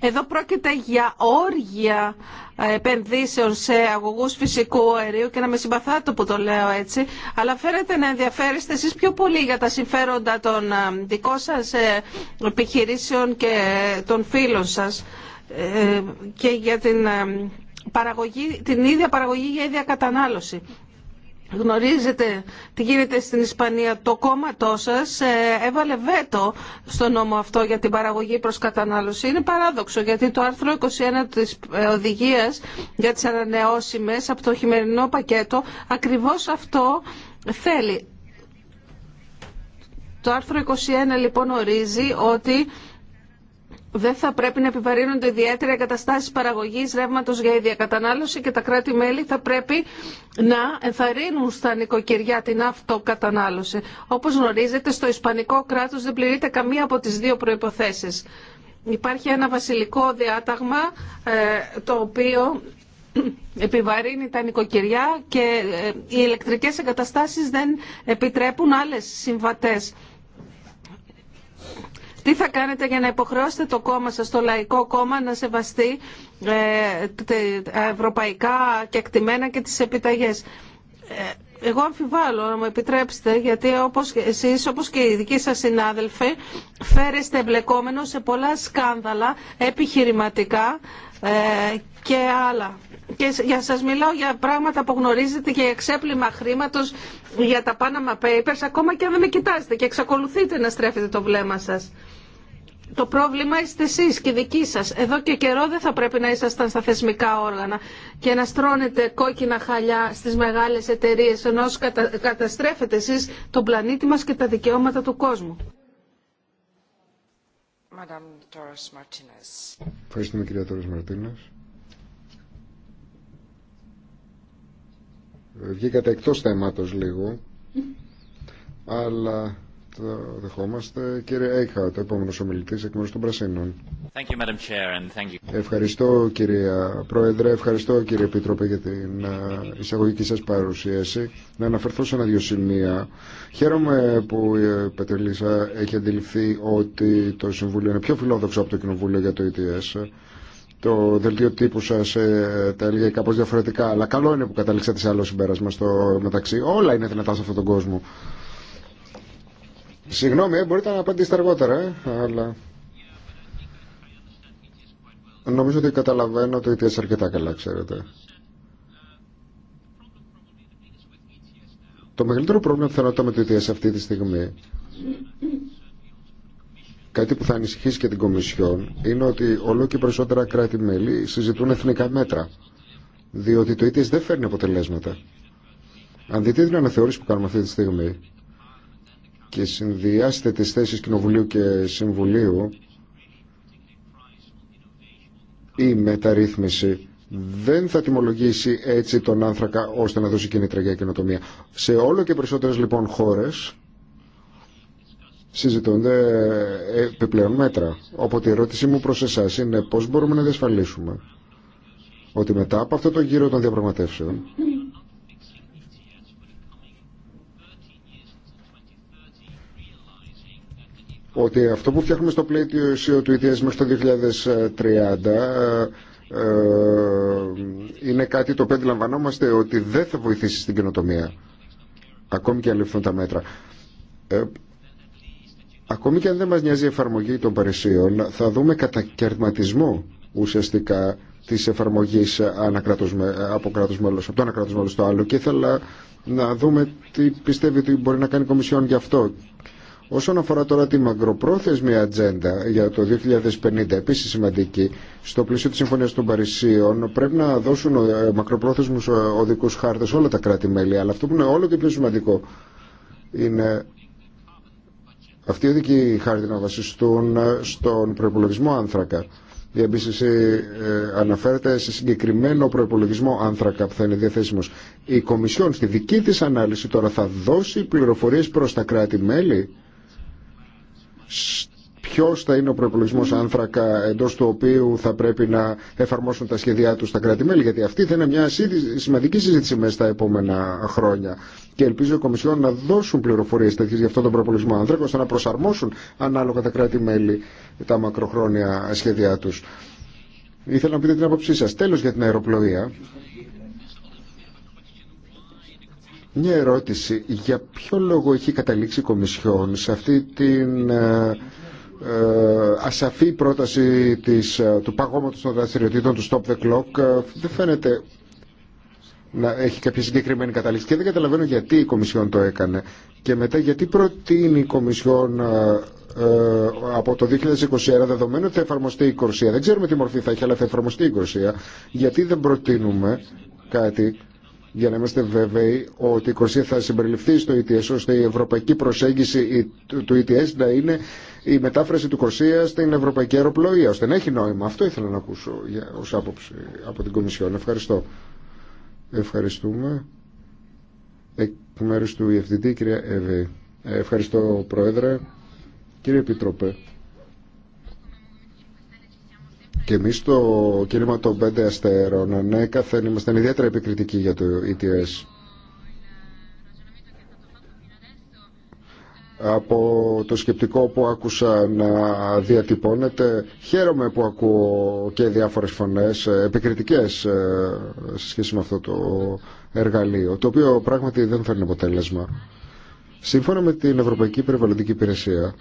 Εδώ πρόκειται για όργια επενδύσεων σε αγωγούς φυσικού αερίου και να με συμπαθάτε που το λέω έτσι, αλλά φέρετε να ενδιαφέρεστε εσείς πιο πολύ για τα συμφέροντα των ε, δικών σας ε, επιχειρήσεων και των φίλων σας ε, και για την, παραγωγή, την ίδια παραγωγή για ίδια κατανάλωση γνωρίζετε τι γίνεται στην Ισπανία, το κόμματό σας ε, έβαλε βέτο στο νόμο αυτό για την παραγωγή προς κατανάλωση. Είναι παράδοξο γιατί το άρθρο 21 της ε, οδηγίας για τις ανανεώσιμες από το χειμερινό πακέτο ακριβώς αυτό θέλει. Το άρθρο 21 λοιπόν ορίζει ότι δεν θα πρέπει να επιβαρύνονται ιδιαίτερα εγκαταστάσει παραγωγής ρεύματος για ίδια κατανάλωση και τα κράτη-μέλη θα πρέπει να ενθαρρύνουν στα νοικοκυριά την αυτοκατανάλωση. Όπως γνωρίζετε, στο Ισπανικό κράτος δεν πληρείται καμία από τις δύο προϋποθέσεις. Υπάρχει ένα βασιλικό διάταγμα ε, το οποίο επιβαρύνει τα νοικοκυριά και ε, οι ηλεκτρικές εγκαταστάσεις δεν επιτρέπουν άλλες συμβατές. Τι θα κάνετε για να υποχρεώσετε το κόμμα σας, το Λαϊκό Κόμμα, να σεβαστεί ε, τα ευρωπαϊκά κεκτημένα και τις επιταγές. Ε, εγώ αμφιβάλλω να μου επιτρέψετε γιατί όπως εσείς όπως και οι δικοί σας συνάδελφοι φέρεστε εμπλεκόμενο σε πολλά σκάνδαλα επιχειρηματικά ε, και άλλα. Και για σας μιλάω για πράγματα που γνωρίζετε και για ξέπλυμα χρήματος, για τα Panama Papers, ακόμα και αν δεν με κοιτάζετε και εξακολουθείτε να στρέφετε το βλέμμα σας. Το πρόβλημα είστε εσείς και δικοί σας. Εδώ και καιρό δεν θα πρέπει να ήσασταν στα θεσμικά όργανα και να στρώνετε κόκκινα χαλιά στις μεγάλες εταιρείε ενώ καταστρέφετε εσεί τον πλανήτη μας και τα δικαιώματα του κόσμου. Ευχαριστούμε κυρία Τόρας Μαρτίνες. Ε, βγήκατε εκτός θέματος λίγο, αλλά δεχόμαστε. Κύριε το επόμενο ομιλητή εκ μέρου των Πρασίνων. Ευχαριστώ κυρία Πρόεδρε, ευχαριστώ κύριε Επίτροπε για την εισαγωγική σα παρουσίαση. Να αναφερθώ σε ένα-δυο σημεία. Χαίρομαι που η ε, Πετρελίσσα έχει αντιληφθεί ότι το Συμβούλιο είναι πιο φιλόδοξο από το Κοινοβούλιο για το ETS. Το δελτίο τύπου σα ε, τα έλεγε κάπω διαφορετικά, αλλά καλό είναι που καταλήξατε σε άλλο συμπέρασμα στο μεταξύ. Όλα είναι δυνατά σε αυτόν τον κόσμο. Συγγνώμη, ε, μπορείτε να απαντήσετε αργότερα, ε, αλλά... Νομίζω ότι καταλαβαίνω το ETS αρκετά καλά, ξέρετε. Το μεγαλύτερο πρόβλημα θέλω με το ETS αυτή τη στιγμή, κάτι που θα ανησυχήσει και την Κομισιόν, είναι ότι όλο και περισσότερα κράτη-μέλη συζητούν εθνικά μέτρα. Διότι το ETS δεν φέρνει αποτελέσματα. Αν δείτε την αναθεώρηση που κάνουμε αυτή τη στιγμή, και συνδυάστε τις θέσεις Κοινοβουλίου και Συμβουλίου η μεταρρύθμιση δεν θα τιμολογήσει έτσι τον άνθρακα ώστε να δώσει κίνητρα για καινοτομία. Σε όλο και περισσότερες λοιπόν χώρες συζητούνται επιπλέον μέτρα. Οπότε η ερώτησή μου προς εσάς είναι πώς μπορούμε να διασφαλίσουμε ότι μετά από αυτό το γύρο των διαπραγματεύσεων ότι αυτό που φτιάχνουμε στο πλαίσιο του ETS μέχρι το 2030 ε, ε, είναι κάτι το οποίο αντιλαμβανόμαστε ότι δεν θα βοηθήσει στην καινοτομία ακόμη και αν ληφθούν τα μέτρα. Ε, ακόμη και αν δεν μας νοιάζει η εφαρμογή των παρεσίων θα δούμε κατακαιρματισμό ουσιαστικά της εφαρμογής από, κράτος μέλος, από το ένα στο άλλο και ήθελα να δούμε τι πιστεύει ότι μπορεί να κάνει η Κομισιόν γι' αυτό Όσον αφορά τώρα τη μακροπρόθεσμη ατζέντα για το 2050, επίση σημαντική, στο πλαίσιο τη Συμφωνία των Παρισίων, πρέπει να δώσουν ε, μακροπρόθεσμου ε, οδικού χάρτε όλα τα κράτη-μέλη. Αλλά αυτό που είναι όλο και πιο σημαντικό είναι αυτοί οι οδικοί χάρτε να βασιστούν ε, στον προπολογισμό άνθρακα. Η εμπίστηση αναφέρεται σε συγκεκριμένο προπολογισμό άνθρακα που θα είναι διαθέσιμος. Η Κομισιόν στη δική της ανάλυση τώρα θα δώσει πληροφορίες προς τα κράτη-μέλη ποιος θα είναι ο προπολογισμό άνθρακα εντός του οποίου θα πρέπει να εφαρμόσουν τα σχέδιά τους τα κράτη-μέλη. Γιατί αυτή θα είναι μια σημαντική συζήτηση μέσα στα επόμενα χρόνια. Και ελπίζω οι Κομισιόν να δώσουν πληροφορίες τέτοιες για αυτόν τον προπολογισμό άνθρακα, ώστε να προσαρμόσουν ανάλογα τα κράτη-μέλη τα μακροχρόνια σχέδιά τους. Ήθελα να πείτε την άποψή σα. Τέλο για την αεροπλοεία. Μια ερώτηση. Για ποιο λόγο έχει καταλήξει η Κομισιόν σε αυτή την ε, ε, ασαφή πρόταση της, ε, του παγώματος των δραστηριοτήτων του Stop the Clock. Δεν φαίνεται να έχει κάποια συγκεκριμένη καταλήξη και δεν καταλαβαίνω γιατί η Κομισιόν το έκανε. Και μετά γιατί προτείνει η Κομισιόν από το 2021 δεδομένου ότι θα εφαρμοστεί η Κορσία. Δεν ξέρουμε τι μορφή θα έχει αλλά θα εφαρμοστεί η Κορσία. Γιατί δεν προτείνουμε κάτι για να είμαστε βέβαιοι ότι η Κορσία θα συμπεριληφθεί στο ETS ώστε η ευρωπαϊκή προσέγγιση του ETS να είναι η μετάφραση του Κορσία στην ευρωπαϊκή αεροπλοεία ώστε να έχει νόημα. Αυτό ήθελα να ακούσω ως άποψη από την Κομισιόν. Ευχαριστώ. Ευχαριστούμε. Εκ μέρους του EFDD, κυρία Εύη. Ε, ευχαριστώ, Πρόεδρε. Κύριε Επιτροπέ. Και εμεί το κίνημα των πέντε αστέρων, ναι, ήμασταν ιδιαίτερα επικριτικοί για το ETS. από το σκεπτικό που άκουσα να διατυπώνεται. Χαίρομαι που ακούω και διάφορες φωνές ε, επικριτικές ε, σε σχέση με αυτό το εργαλείο, το οποίο πράγματι δεν φέρνει αποτέλεσμα. Σύμφωνα με την Ευρωπαϊκή Περιβαλλοντική Υπηρεσία,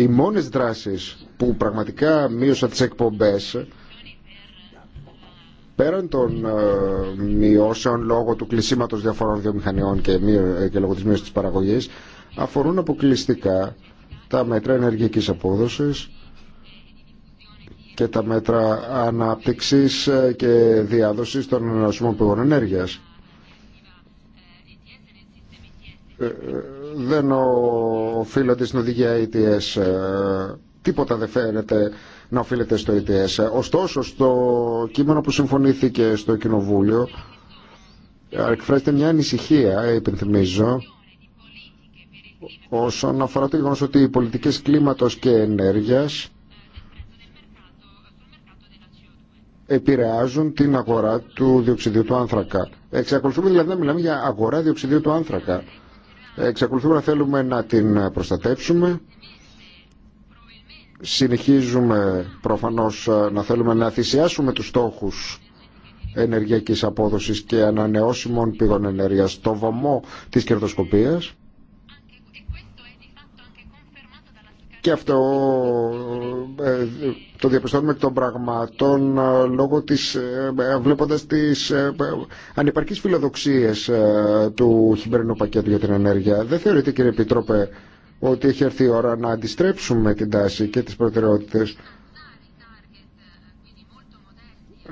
οι μόνες δράσεις που πραγματικά μείωσαν τις εκπομπές πέραν των ε, μειώσεων λόγω του κλεισίματος διαφορών βιομηχανιών και, ε, και λόγω της μείωσης της παραγωγής αφορούν αποκλειστικά τα μέτρα ενεργειακής απόδοσης και τα μέτρα ανάπτυξης ε, και διάδοσης των ενωσιμών πηγών ενέργειας δεν οφείλονται στην οδηγία ETS. Ε ε, τίποτα δεν φαίνεται να οφείλεται στο ETS. Ε Ωστόσο, στο κείμενο που συμφωνήθηκε στο Κοινοβούλιο, εκφράζεται μια ανησυχία, υπενθυμίζω, όσον αφορά το γεγονό ότι οι πολιτικές κλίματος και ενέργειας επηρεάζουν την αγορά του διοξιδίου του άνθρακα. Εξακολουθούμε δηλαδή να μιλάμε για αγορά διοξιδίου του άνθρακα. Εξακολουθούμε να θέλουμε να την προστατέψουμε. Συνεχίζουμε προφανώς να θέλουμε να θυσιάσουμε τους στόχους ενεργειακής απόδοσης και ανανεώσιμων πηγών ενέργειας στο βωμό της κερδοσκοπίας Και αυτό ε, το διαπιστώνουμε εκ των πραγμάτων ε, λόγω της, ε, βλέποντας τις ανυπαρκείς φιλοδοξίες του χειμερινού πακέτου για την ενέργεια. Δεν θεωρείτε κύριε Επιτρόπε ότι έχει έρθει η ώρα να αντιστρέψουμε την τάση και τις προτεραιότητες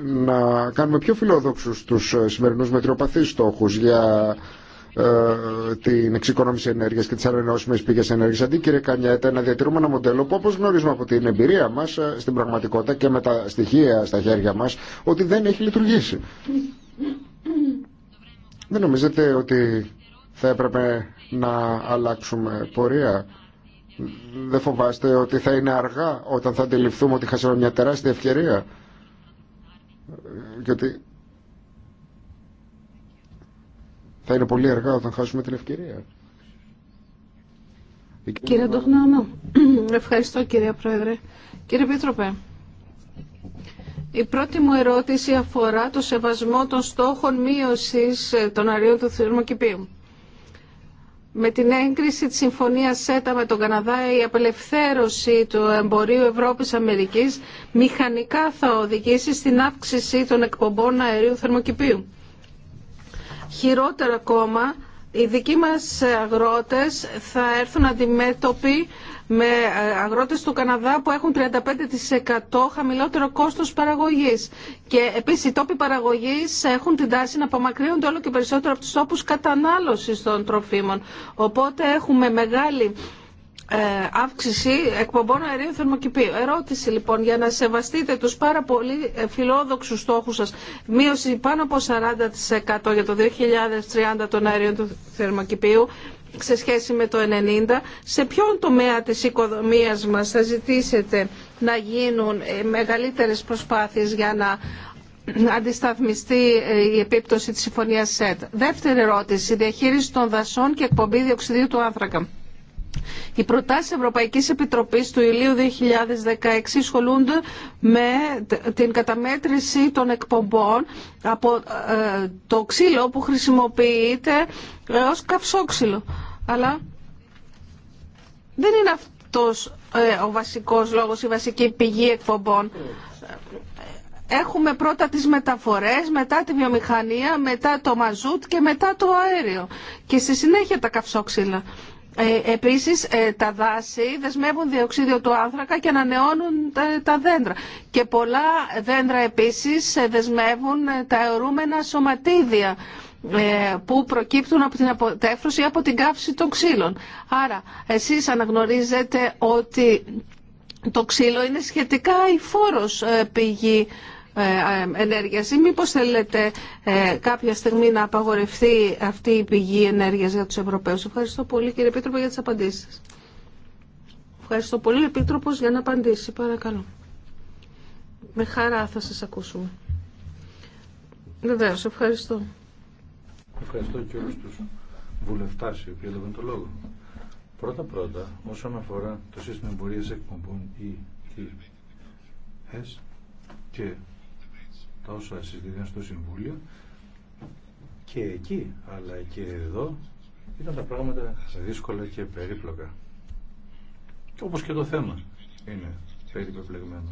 να κάνουμε πιο φιλόδοξους τους σημερινούς μετριοπαθείς στόχους για ε, την εξοικονόμηση ενέργεια και τι ανανεώσιμε πηγέ ενέργεια. Αντί, κύριε Κανιέτα, να διατηρούμε ένα μοντέλο που, όπω γνωρίζουμε από την εμπειρία μα ε, στην πραγματικότητα και με τα στοιχεία στα χέρια μα, ότι δεν έχει λειτουργήσει. Δεν νομίζετε ότι θα έπρεπε να αλλάξουμε πορεία. Δεν φοβάστε ότι θα είναι αργά όταν θα αντιληφθούμε ότι χάσαμε μια τεράστια ευκαιρία. Ε, Θα είναι πολύ αργά όταν χάσουμε την ευκαιρία. Κύριε Ντοχνάνο, (clears throat) ευχαριστώ κύριε Πρόεδρε. Κύριε Πίτροπε, η πρώτη μου ερώτηση αφορά το σεβασμό των στόχων μείωσης ε, των αριών του θερμοκηπίου. Με την έγκριση της συμφωνίας ΣΕΤΑ με τον Καναδά, η απελευθέρωση του εμπορίου Ευρώπης-Αμερικής μηχανικά θα οδηγήσει στην αύξηση των εκπομπών αερίου θερμοκηπίου. Χειρότερα ακόμα, οι δικοί μας αγρότες θα έρθουν αντιμέτωποι με ε, αγρότες του Καναδά που έχουν 35% χαμηλότερο κόστος παραγωγής. Και επίσης οι τόποι παραγωγής έχουν την τάση να απομακρύνονται όλο και περισσότερο από τους τόπους κατανάλωσης των τροφίμων. Οπότε έχουμε μεγάλη ε, αύξηση εκπομπών αερίων θερμοκηπίου. Ερώτηση λοιπόν για να σεβαστείτε τους πάρα πολύ ε, φιλόδοξους στόχους σας. Μείωση πάνω από 40% για το 2030 των αερίων του θερμοκηπίου σε σχέση με το 90. Σε ποιον τομέα της οικοδομίας μας θα ζητήσετε να γίνουν ε, μεγαλύτερες προσπάθειες για να αντισταθμιστεί η επίπτωση της συμφωνίας ΣΕΤ. Δεύτερη ερώτηση, διαχείριση των δασών και εκπομπή διοξιδίου του άνθρακα. Οι προτάσεις Ευρωπαϊκής Επιτροπής του Ιλίου 2016 ασχολούνται με την καταμέτρηση των εκπομπών από ε, το ξύλο που χρησιμοποιείται ε, ως καυσόξυλο. Αλλά δεν είναι αυτός ε, ο βασικός λόγος, η βασική πηγή εκπομπών. Έχουμε πρώτα τις μεταφορές, μετά τη βιομηχανία, μετά το μαζούτ και μετά το αέριο. Και στη συνέχεια τα καυσόξυλα. Ε, επίσης ε, τα δάση δεσμεύουν διοξίδιο του άνθρακα και ανανεώνουν τα δέντρα. Και πολλά δέντρα επίσης ε, δεσμεύουν τα αιωρούμενα σωματίδια που προκύπτουν από την αποτέφρωση ή από την κάψη των ξύλων. Άρα εσείς αναγνωρίζετε ότι το ξύλο είναι σχετικά η φόρος πηγή ε, ε, ενέργειας ή μήπως θέλετε ε, κάποια στιγμή να απαγορευτεί αυτή η πηγή ενέργειας για τους Ευρωπαίους. Ευχαριστώ πολύ κύριε Επίτροπο για τις απαντήσεις Ευχαριστώ πολύ Επίτροπος για να απαντήσει. Παρακαλώ. Με χαρά θα σας ακούσουμε. Βεβαίω, ευχαριστώ. Ευχαριστώ και όλους τους βουλευτάς οι οποίοι έλαβαν το λόγο. Πρώτα-πρώτα, όσον αφορά το σύστημα εμπορίας εκπομπών ή και τόσο όσα στο Συμβούλιο και εκεί αλλά και εδώ ήταν τα πράγματα δύσκολα και περίπλοκα. όπως και το θέμα είναι περιπεπλεγμένο.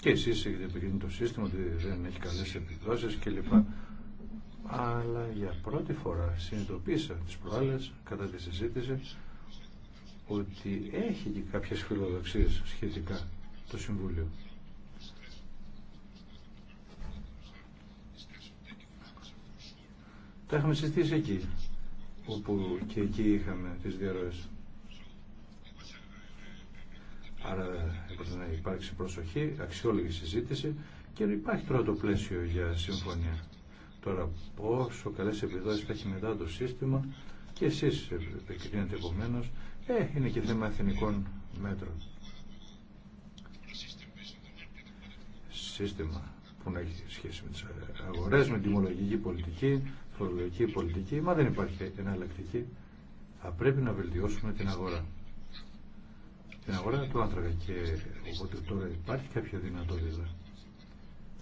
Και εσείς έχετε επικρίνει το σύστημα ότι δεν έχει καλές επιδόσεις κλπ. Αλλά για πρώτη φορά συνειδητοποίησα τις προάλλες κατά τη συζήτηση ότι έχει και κάποιες φιλοδοξίες σχετικά το Συμβούλιο. Τα είχαμε συζητήσει εκεί, όπου και εκεί είχαμε τις διαρροές. Άρα έπρεπε να υπάρξει προσοχή, αξιόλογη συζήτηση και υπάρχει τώρα το πλαίσιο για συμφωνία. Τώρα πόσο καλές επιδόσεις θα έχει μετά το σύστημα και εσείς επικρίνετε επομένω, ε, είναι και θέμα εθνικών μέτρων. Σύστημα που να έχει σχέση με τις αγορές, με τιμολογική πολιτική, φορολογική πολιτική, μα δεν υπάρχει εναλλακτική. Θα πρέπει να βελτιώσουμε την αγορά. Την αγορά του άνθρακα και οπότε τώρα υπάρχει κάποια δυνατότητα.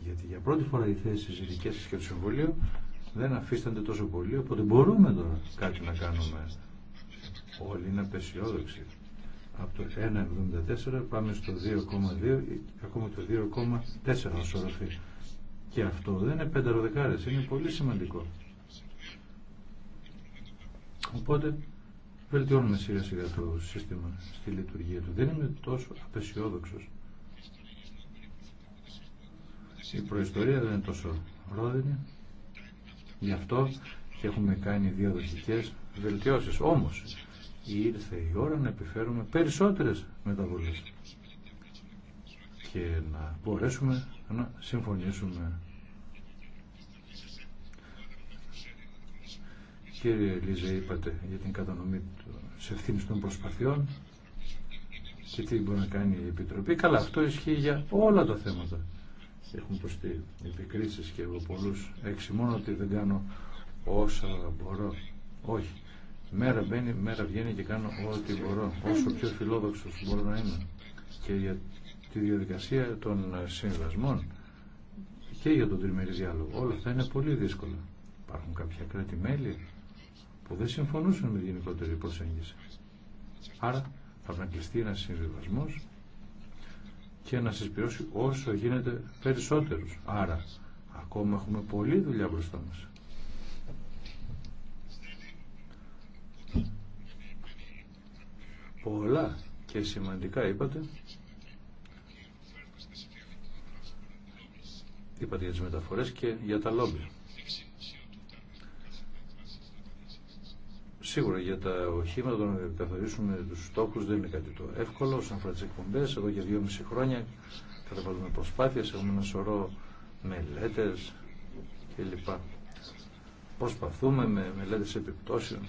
Γιατί για πρώτη φορά οι θέσει ειδικέ σα και το Συμβούλιο δεν αφήστανται τόσο πολύ, οπότε μπορούμε τώρα κάτι να κάνουμε. Όλοι είναι απεσιόδοξοι. Από το 1,74 πάμε στο 2,2 ακόμα το 2,4 ως οροφή. Και αυτό δεν είναι δεκάρες. είναι πολύ σημαντικό. Οπότε βελτιώνουμε σιγά σιγά το σύστημα στη λειτουργία του. Δεν είμαι τόσο απεσιόδοξο. Η προϊστορία δεν είναι τόσο ρόδινη. Γι' αυτό και έχουμε κάνει διαδοχικές βελτιώσεις. Όμως ήρθε η ώρα να επιφέρουμε περισσότερες μεταβολέ. και να μπορέσουμε να συμφωνήσουμε Κύριε Λίζε, είπατε για την κατανομή τη ευθύνη των προσπαθειών και τι μπορεί να κάνει η Επιτροπή. Καλά, αυτό ισχύει για όλα τα θέματα. Έχουν προστεί επικρίσει και εγώ πολλού έξι μόνο ότι δεν κάνω όσα μπορώ. Όχι. Μέρα μπαίνει, μέρα βγαίνει και κάνω ό,τι μπορώ. Όσο πιο φιλόδοξο μπορώ να είμαι. Και για τη διαδικασία των συμβασμών και για τον τριμερή διάλογο. Όλα αυτά είναι πολύ δύσκολα. Υπάρχουν κάποια κράτη-μέλη που δεν συμφωνούσαν με την γενικότερη προσέγγιση. Άρα θα πρέπει να ένα συμβιβασμό και να συσπηρώσει όσο γίνεται περισσότερους. Άρα ακόμα έχουμε πολλή δουλειά μπροστά μας. Πολλά και σημαντικά είπατε. Είπατε για τις μεταφορές και για τα λόμπια. Σίγουρα για τα οχήματα, το να καθορίσουμε του στόχου δεν είναι κάτι το εύκολο. Σαν αφορά εκπομπέ, εδώ και μισή χρόνια καταβάλουμε προσπάθειε, έχουμε ένα σωρό μελέτε κλπ. Προσπαθούμε με μελέτε επιπτώσεων.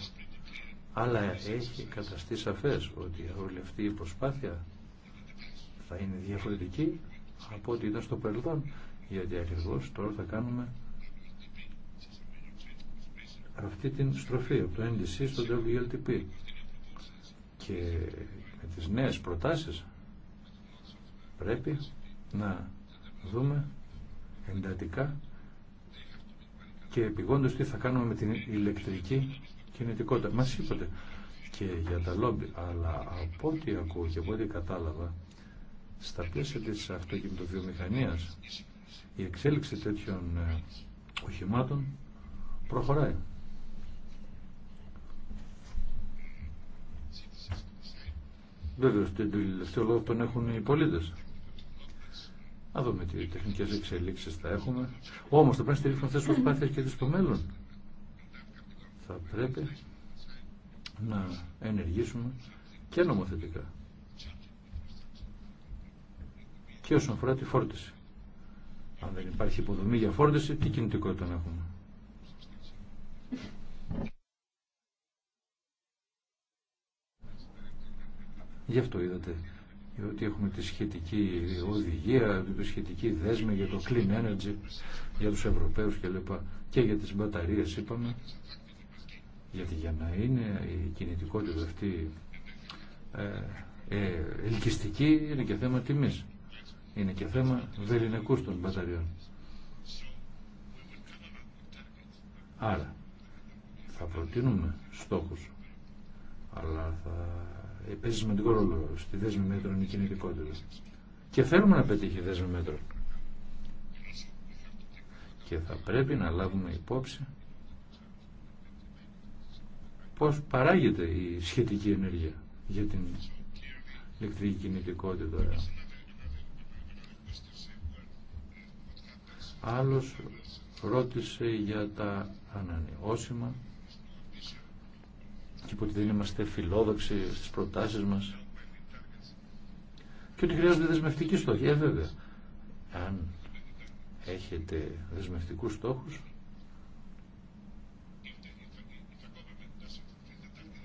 Αλλά έχει καταστεί σαφέ ότι όλη αυτή η προσπάθεια θα είναι διαφορετική από ό,τι ήταν στο παρελθόν. Γιατί ακριβώ τώρα θα κάνουμε αυτή την στροφή από το NDC στο WLTP και με τις νέες προτάσεις πρέπει να δούμε εντατικά και επιγόντως τι θα κάνουμε με την ηλεκτρική κινητικότητα. Μας είπατε και για τα λόμπι, αλλά από ό,τι ακούω και από ό,τι κατάλαβα, στα πλαίσια της αυτοκινητοβιομηχανίας η εξέλιξη τέτοιων ε, οχημάτων προχωράει. Βέβαια, τον τελευταίο λόγο τον έχουν οι πολίτε. Να δούμε τι τεχνικέ εξελίξει θα έχουμε. Όμω θα πρέπει να στηρίξουμε αυτέ τι προσπάθειε και στο μέλλον. Θα πρέπει να ενεργήσουμε και νομοθετικά. Και όσον αφορά τη φόρτιση. Αν δεν υπάρχει υποδομή για φόρτιση, τι κινητικότητα να έχουμε. Γι' αυτό είδατε ότι έχουμε τη σχετική οδηγία, τη σχετική δέσμη για το clean energy, για τους Ευρωπαίους λοιπά Και για τις μπαταρίες είπαμε, γιατί για να είναι η κινητικότητα αυτή ε, ε, ελκυστική είναι και θέμα τιμής. Είναι και θέμα βεληνικούς των μπαταριών. Άρα, θα προτείνουμε στόχους, αλλά θα παίζει σημαντικό ρόλο στη δέσμη μέτρων η κινητικότητα. Και θέλουμε να πετύχει δέσμη μέτρων. Και θα πρέπει να λάβουμε υπόψη πώς παράγεται η σχετική ενέργεια για την ηλεκτρική κινητικότητα. Άλλος ρώτησε για τα ανανεώσιμα και ότι δεν είμαστε φιλόδοξοι στις προτάσεις μας και ότι χρειάζονται δεσμευτικοί στόχοι. Ε, βέβαια, αν έχετε δεσμευτικούς στόχους,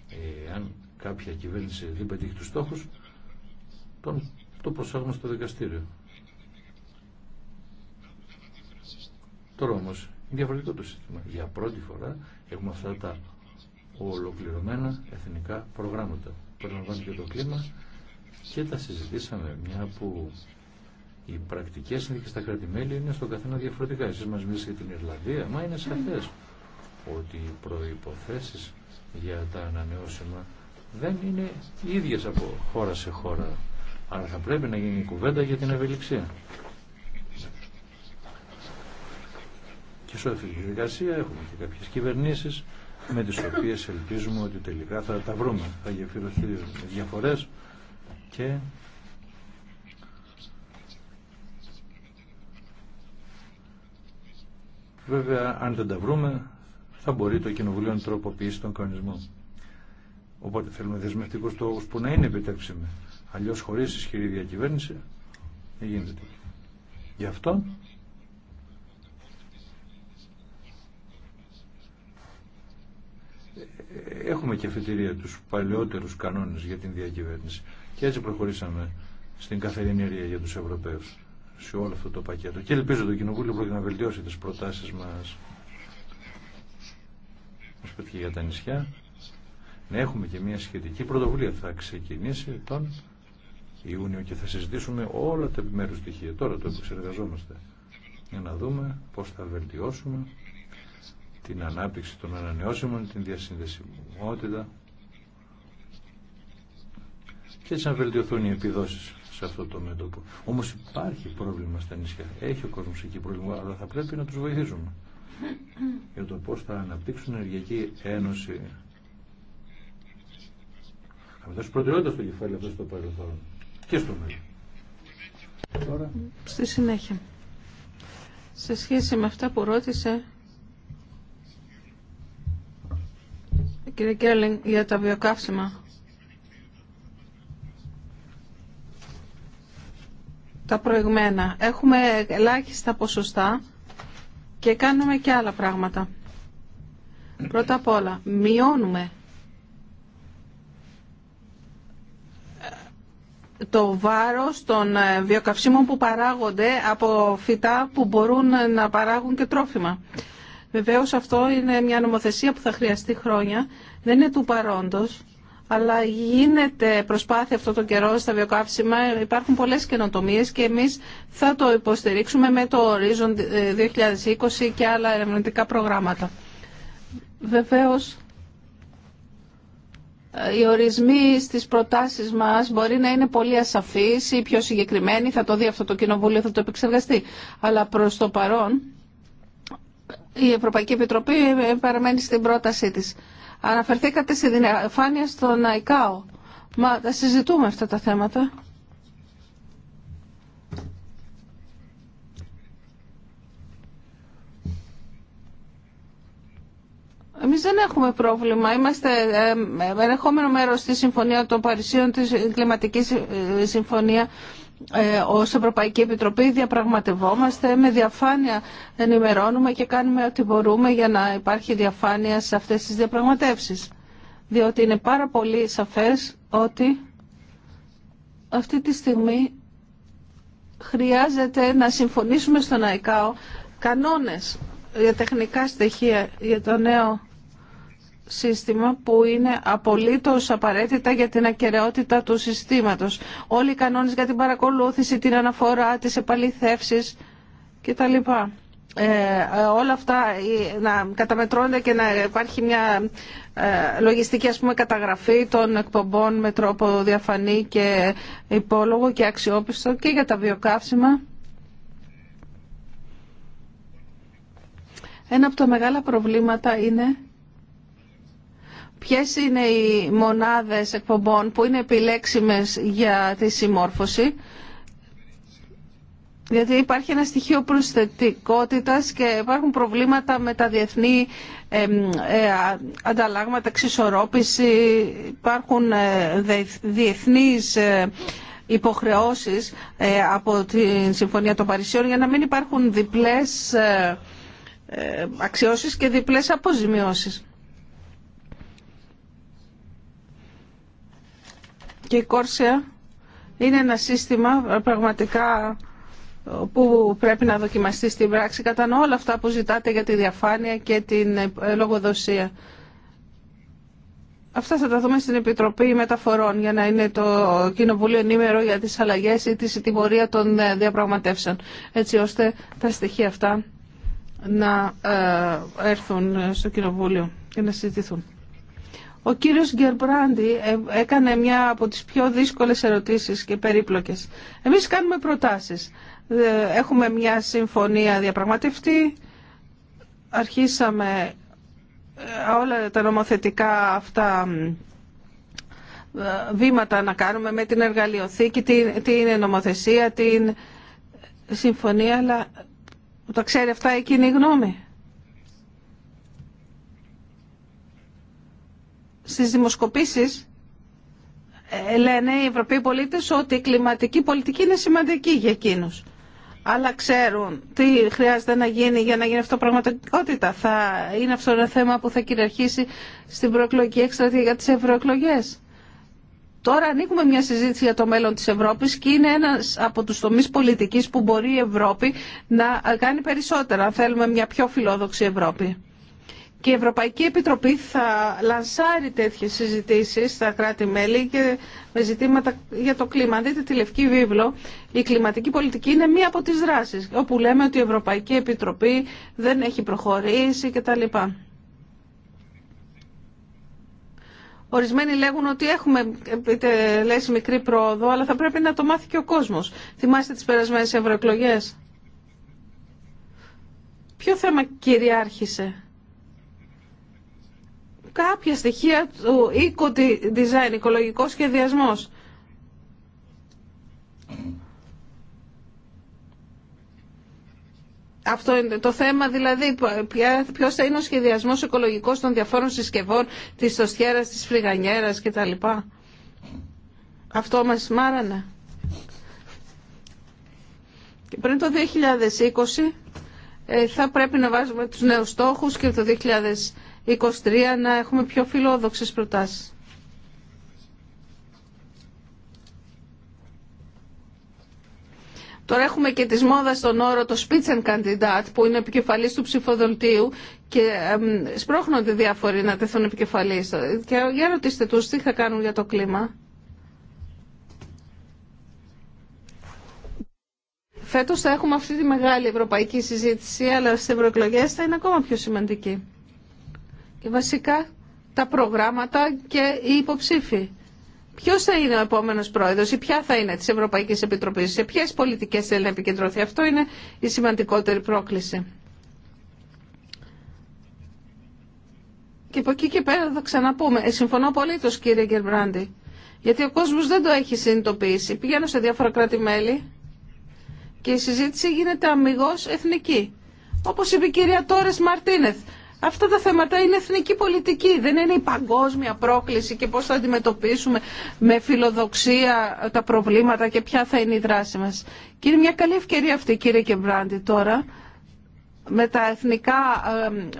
ε, αν κάποια κυβέρνηση δεν πετύχει τους στόχους, τον, το προσάγουμε στο δικαστήριο. Τώρα όμως, είναι διαφορετικό το σύστημα. Για πρώτη φορά έχουμε αυτά τα ολοκληρωμένα εθνικά προγράμματα. Περιλαμβάνει και το κλίμα και τα συζητήσαμε μια που οι πρακτικέ συνθήκε στα κράτη-μέλη είναι στο καθένα διαφορετικά. Εσεί μα μιλήσατε για την Ιρλανδία, μα είναι σαφέ ότι οι προποθέσει για τα ανανεώσιμα δεν είναι ίδιε από χώρα σε χώρα. Άρα θα πρέπει να γίνει κουβέντα για την ευελιξία. Και σε αυτή έχουμε και κάποιε κυβερνήσει με τις οποίες ελπίζουμε ότι τελικά θα τα βρούμε. Θα γεφυρωθεί διαφορές και βέβαια αν δεν τα βρούμε θα μπορεί το Κοινοβουλίο να τροποποιήσει τον κανονισμό. Οπότε θέλουμε δεσμευτικούς στόχους που να είναι επιτρέψιμοι. Αλλιώς χωρίς ισχυρή διακυβέρνηση δεν γίνεται. Γι' αυτό έχουμε και αφετηρία τους παλαιότερους κανόνες για την διακυβέρνηση. Και έτσι προχωρήσαμε στην καθαρή για τους Ευρωπαίους σε όλο αυτό το πακέτο. Και ελπίζω το Κοινοβούλιο πρόκειται να βελτιώσει τις προτάσεις μας. Μας πέτυχε για τα νησιά. Να έχουμε και μια σχετική πρωτοβουλία. Θα ξεκινήσει τον Ιούνιο και θα συζητήσουμε όλα τα επιμέρους στοιχεία. Τώρα το επεξεργαζόμαστε για να δούμε πώς θα βελτιώσουμε την ανάπτυξη των ανανεώσιμων, την διασυνδεσιμότητα και έτσι να βελτιωθούν οι επιδόσεις σε αυτό το μέτωπο. Όμως υπάρχει πρόβλημα στα νησιά. Έχει ο κόσμος εκεί πρόβλημα, αλλά θα πρέπει να τους βοηθήσουμε για το πώς θα αναπτύξουν ενεργειακή ένωση. Θα με δώσει προτεραιότητα στο κεφάλι αυτό στο παρελθόν και στο μέλλον. Στη συνέχεια. Σε σχέση με αυτά που ρώτησε Κύριε Κέρλινγκ, για τα βιοκαύσιμα. Τα προηγμένα. Έχουμε ελάχιστα ποσοστά και κάνουμε και άλλα πράγματα. Πρώτα απ' όλα, μειώνουμε ε, το βάρος των ε, βιοκαυσίμων που παράγονται από φυτά που μπορούν να παράγουν και τρόφιμα. Βεβαίως αυτό είναι μια νομοθεσία που θα χρειαστεί χρόνια, δεν είναι του παρόντο, αλλά γίνεται προσπάθεια αυτό το καιρό στα βιοκαύσιμα. Υπάρχουν πολλές καινοτομίε και εμείς θα το υποστηρίξουμε με το Horizon 2020 ε, και άλλα ερευνητικά προγράμματα. Βεβαίως, ε, οι ορισμοί στις προτάσεις μας μπορεί να είναι πολύ ασαφείς ή πιο συγκεκριμένοι, θα το δει αυτό το κοινοβούλιο, θα το επεξεργαστεί. Αλλά προς το παρόν, η Ευρωπαϊκή Επιτροπή παραμένει στην πρότασή της. Αναφερθήκατε στη διαφάνεια στον ΑΙΚΑΟ. Μα τα συζητούμε αυτά τα θέματα. Εμείς δεν έχουμε πρόβλημα. Είμαστε ε, ε, ενεχόμενο μέρος της Συμφωνία των Παρισίων, της Κλιματικής ε, Συμφωνία ε, ως Ευρωπαϊκή Επιτροπή διαπραγματευόμαστε με διαφάνεια, ενημερώνουμε και κάνουμε ό,τι μπορούμε για να υπάρχει διαφάνεια σε αυτές τις διαπραγματεύσεις. Διότι είναι πάρα πολύ σαφές ότι αυτή τη στιγμή χρειάζεται να συμφωνήσουμε στον ΑΕΚΑΟ κανόνες για τεχνικά στοιχεία για το νέο σύστημα που είναι απολύτως απαραίτητα για την ακαιρεότητα του συστήματος. Όλοι οι κανόνες για την παρακολούθηση, την αναφορά, τις επαληθεύσεις κτλ. Ε, όλα αυτά ε, να καταμετρώνται και να υπάρχει μια ε, λογιστική ας πούμε, καταγραφή των εκπομπών με τρόπο διαφανή και υπόλογο και αξιόπιστο και για τα βιοκαύσιμα. Ένα από τα μεγάλα προβλήματα είναι ποιες είναι οι μονάδες εκπομπών που είναι επιλέξιμες για τη συμμόρφωση. Γιατί υπάρχει ένα στοιχείο προσθετικότητας και υπάρχουν προβλήματα με τα διεθνή ε, ανταλλάγματα, εξισορρόπηση, υπάρχουν ε, διεθνείς ε, υποχρεώσεις από τη Συμφωνία των Παρισιών για να μην υπάρχουν διπλές αξιώσεις και διπλές αποζημιώσεις. Και η Κόρσια είναι ένα σύστημα ε, πραγματικά ε, που πρέπει να δοκιμαστεί στην πράξη. κατά όλα αυτά που ζητάτε για τη διαφάνεια και την ε, λογοδοσία. Αυτά θα τα δούμε στην Επιτροπή Μεταφορών για να είναι το Κοινοβούλιο ενήμερο για τις αλλαγές ή τη συντημορία των διαπραγματεύσεων, έτσι ώστε τα στοιχεία αυτά να έρθουν στο Κοινοβούλιο και να συζητηθούν. Ο κύριος Γκερμπράντι ε, έκανε μια από τις πιο δύσκολες ερωτήσεις και περίπλοκες. Εμείς κάνουμε προτάσεις. Ε, έχουμε μια συμφωνία διαπραγματευτή. Αρχίσαμε ε, όλα τα νομοθετικά αυτά βήματα να κάνουμε με την εργαλειοθήκη, τι είναι νομοθεσία, την συμφωνία, αλλά τα ξέρει αυτά η κοινή γνώμη. στις δημοσκοπήσεις ε, λένε οι Ευρωπαίοι πολίτες ότι η κλιματική πολιτική είναι σημαντική για εκείνους. Αλλά ξέρουν τι χρειάζεται να γίνει για να γίνει αυτό πραγματικότητα. Θα είναι αυτό ένα θέμα που θα κυριαρχήσει στην προεκλογική εκστρατεία για τις ευρωεκλογέ. Τώρα ανοίγουμε μια συζήτηση για το μέλλον της Ευρώπης και είναι ένας από τους τομείς πολιτικής που μπορεί η Ευρώπη να κάνει περισσότερα αν θέλουμε μια πιο φιλόδοξη Ευρώπη. Και η Ευρωπαϊκή Επιτροπή θα λανσάρει τέτοιε συζητήσει στα κράτη-μέλη και με ζητήματα για το κλίμα. δείτε τη Λευκή Βίβλο, η κλιματική πολιτική είναι μία από τις δράσεις, όπου λέμε ότι η Ευρωπαϊκή Επιτροπή δεν έχει προχωρήσει κτλ. Ορισμένοι λέγουν ότι έχουμε λες, μικρή πρόοδο, αλλά θα πρέπει να το μάθει και ο κόσμος. Θυμάστε τις περασμένες ευρωεκλογέ. Ποιο θέμα κυριάρχησε κάποια στοιχεία του eco design, οικολογικό σχεδιασμό. Αυτό είναι το θέμα, δηλαδή ποιο θα είναι ο σχεδιασμό οικολογικό των διαφόρων συσκευών τη τοστιέρα, τη φρυγανιέρα κτλ. Αυτό μα μάρανε. Και πριν το 2020 ε, θα πρέπει να βάζουμε τους νέους στόχους και το 2020 23 να έχουμε πιο φιλόδοξες προτάσεις. Τώρα έχουμε και τη μόδα τον όρο το Spitzenkandidat που είναι επικεφαλή του ψηφοδελτίου και σπρώχνονται διάφοροι να τεθούν επικεφαλή. Και για ρωτήστε του τι θα κάνουν για το κλίμα. Φέτος θα έχουμε αυτή τη μεγάλη ευρωπαϊκή συζήτηση, αλλά στι ευρωεκλογέ θα είναι ακόμα πιο σημαντική βασικά τα προγράμματα και οι υποψήφοι. Ποιο θα είναι ο επόμενο πρόεδρο ή ποια θα είναι τη Ευρωπαϊκή Επιτροπή, σε ποιε πολιτικέ θέλει να επικεντρωθεί. Αυτό είναι η σημαντικότερη πρόκληση. Και από εκεί και πέρα θα ξαναπούμε. Ε, συμφωνώ πολύ κύριε Γκερμπράντη, Γιατί ο κόσμο δεν το έχει συνειδητοποιήσει. Πηγαίνω σε διάφορα κράτη-μέλη και η συζήτηση γίνεται αμυγό εθνική. Όπω είπε η κυρία Τόρε Μαρτίνεθ. Αυτά τα θέματα είναι εθνική πολιτική, δεν είναι η παγκόσμια πρόκληση και πώς θα αντιμετωπίσουμε με φιλοδοξία τα προβλήματα και ποια θα είναι η δράση μας. Και είναι μια καλή ευκαιρία αυτή κύριε Κεμπράντη τώρα με τα εθνικά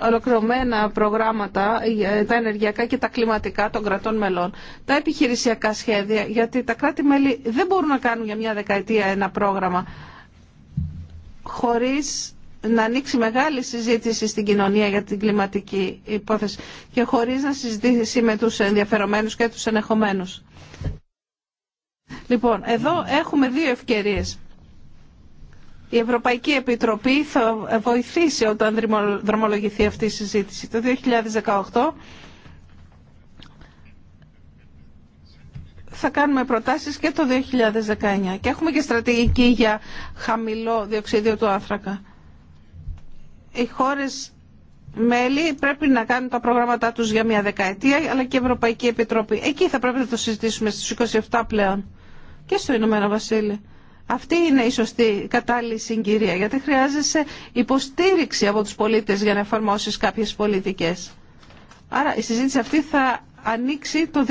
ολοκληρωμένα προγράμματα, ε, τα ενεργειακά και τα κλιματικά των κρατών μελών, τα επιχειρησιακά σχέδια, γιατί τα κράτη-μέλη δεν μπορούν να κάνουν για μια δεκαετία ένα πρόγραμμα χωρίς να ανοίξει μεγάλη συζήτηση στην κοινωνία για την κλιματική υπόθεση και χωρίς να συζητήσει με τους ενδιαφερομένους και τους ενεχομένους. Λοιπόν, εδώ έχουμε δύο ευκαιρίες. Η Ευρωπαϊκή Επιτροπή θα βοηθήσει όταν δρομολογηθεί αυτή η συζήτηση. Το 2018 θα κάνουμε προτάσεις και το 2019 και έχουμε και στρατηγική για χαμηλό διοξίδιο του άνθρακα οι χώρες μέλη πρέπει να κάνουν τα προγράμματά τους για μια δεκαετία, αλλά και η Ευρωπαϊκή Επιτροπή. Εκεί θα πρέπει να το συζητήσουμε στις 27 πλέον και στο Ηνωμένο Βασίλειο. Αυτή είναι η σωστή κατάλληλη συγκυρία, γιατί χρειάζεσαι υποστήριξη από τους πολίτες για να εφαρμόσεις κάποιες πολιτικές. Άρα η συζήτηση αυτή θα ανοίξει το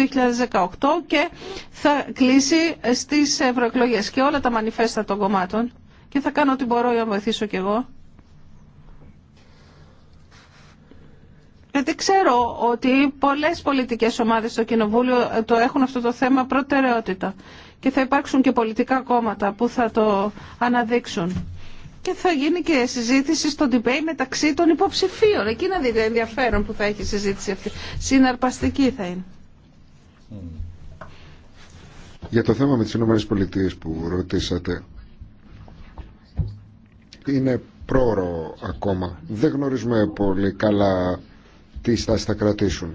2018 και θα κλείσει στις ευρωεκλογές και όλα τα μανιφέστα των κομμάτων. Και θα κάνω ό,τι μπορώ για να βοηθήσω κι εγώ Γιατί ε, ξέρω ότι πολλές πολιτικές ομάδες στο Κοινοβούλιο ε, το έχουν αυτό το θέμα προτεραιότητα. Και θα υπάρξουν και πολιτικά κόμματα που θα το αναδείξουν. Και θα γίνει και συζήτηση στο debate μεταξύ των υποψηφίων. Εκεί να δείτε ενδιαφέρον που θα έχει συζήτηση αυτή. Συναρπαστική θα είναι. Mm. Για το θέμα με τις ΗΠΑ που ρωτήσατε, είναι πρόωρο ακόμα. Δεν γνωρίζουμε πολύ καλά τι στάση θα κρατήσουν.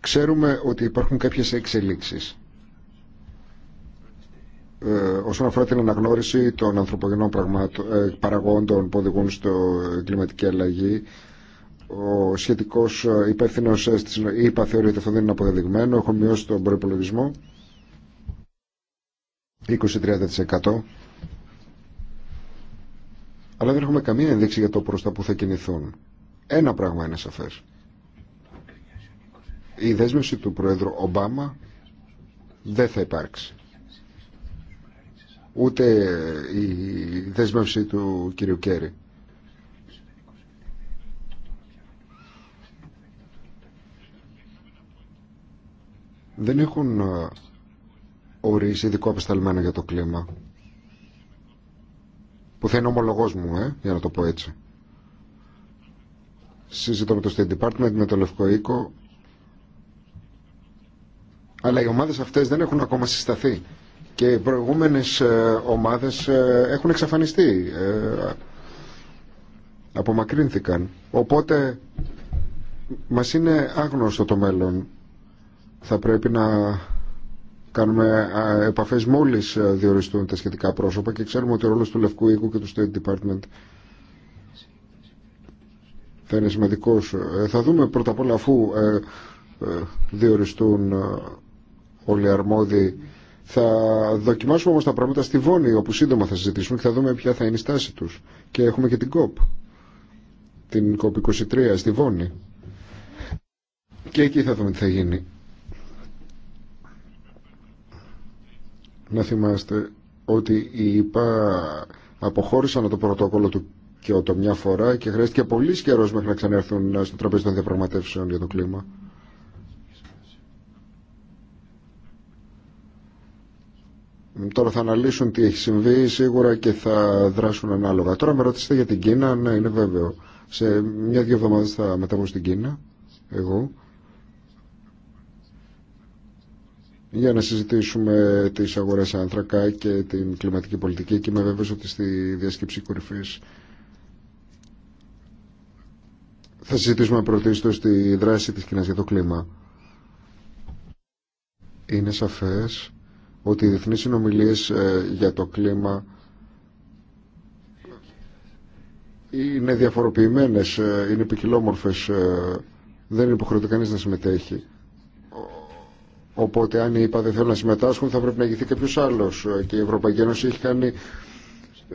Ξέρουμε ότι υπάρχουν κάποιες εξελίξεις ε, όσον αφορά την αναγνώριση των ανθρωπογενών ε, παραγόντων που οδηγούν στο ε, κλιματική αλλαγή ο σχετικός υπεύθυνο τη ΕΙΠΑ θεωρεί ότι αυτό δεν είναι αποδεδειγμένο έχω μειώσει τον προπολογισμό 20-30% αλλά δεν έχουμε καμία ένδειξη για το προς τα που θα κινηθούν ένα πράγμα είναι σαφές. Η δέσμευση του Πρόεδρου Ομπάμα δεν θα υπάρξει. Ούτε η δέσμευση του κυρίου Κέρι. Δεν έχουν ε, ορίσει ειδικό απεσταλμένο για το κλίμα. Που θα είναι ομολογός μου, ε, για να το πω έτσι. Συζητώ με το State Department, με το Λευκό Οίκο. Αλλά οι ομάδες αυτές δεν έχουν ακόμα συσταθεί. Και οι προηγούμενες ε, ομάδες ε, έχουν εξαφανιστεί. Ε, απομακρύνθηκαν. Οπότε μας είναι άγνωστο το μέλλον. Θα πρέπει να κάνουμε επαφές μόλις διοριστούν τα σχετικά πρόσωπα και ξέρουμε ότι ο ρόλος του Λευκού Οίκου και του State Department θα είναι σημαντικός. Ε, θα δούμε πρώτα απ' όλα αφού ε, ε, διοριστούν όλοι οι αρμόδιοι. Θα δοκιμάσουμε όμως τα πράγματα στη Βόνη όπου σύντομα θα συζητήσουμε και θα δούμε ποια θα είναι η στάση τους. Και έχουμε και την ΚΟΠ, την ΚΟΠ23 στη Βόνη. Και εκεί θα δούμε τι θα γίνει. Να θυμάστε ότι οι ΙΠΑ αποχώρησαν από το πρωτόκολλο του και ότο μια φορά και χρειάστηκε πολύ καιρό μέχρι να ξανέρθουν στο τραπέζι των διαπραγματεύσεων για το κλίμα. Τώρα θα αναλύσουν τι έχει συμβεί σίγουρα και θα δράσουν ανάλογα. Τώρα με ρωτήσετε για την Κίνα, ναι είναι βέβαιο. Σε μια-δυο εβδομάδε θα μεταβώ στην Κίνα, εγώ, για να συζητήσουμε τις αγορές άνθρακα και την κλιματική πολιτική και είμαι βέβαιος ότι στη διασκέψη κορυφής θα συζητήσουμε πρωτίστως τη δράση της Κίνας για το κλίμα. Είναι σαφές ότι οι διεθνείς συνομιλίες ε, για το κλίμα είναι διαφοροποιημένες, ε, είναι ποικιλόμορφες, ε, δεν είναι υποχρεωτικά να συμμετέχει. Οπότε αν οι δεν θέλουν να συμμετάσχουν θα πρέπει να ηγηθεί κάποιο άλλος και η Ευρωπαϊκή Ένωση έχει κάνει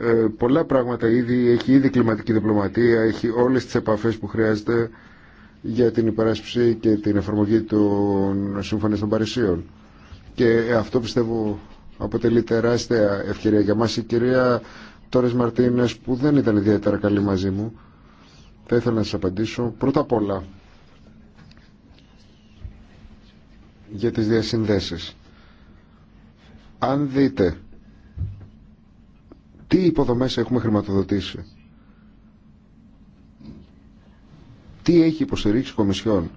ε, πολλά πράγματα ήδη. Έχει ήδη κλιματική διπλωματία, έχει όλες τις επαφές που χρειάζεται για την υπεράσπιση και την εφαρμογή των Σύμφωνων των Παρισίων. Και αυτό πιστεύω αποτελεί τεράστια ευκαιρία για μας. Η κυρία Τόρες Μαρτίνες που δεν ήταν ιδιαίτερα καλή μαζί μου, θα ήθελα να σας απαντήσω. Πρώτα απ' όλα, για τις διασυνδέσεις. Αν δείτε τι υποδομές έχουμε χρηματοδοτήσει. Τι έχει υποστηρίξει η Κομισιόν.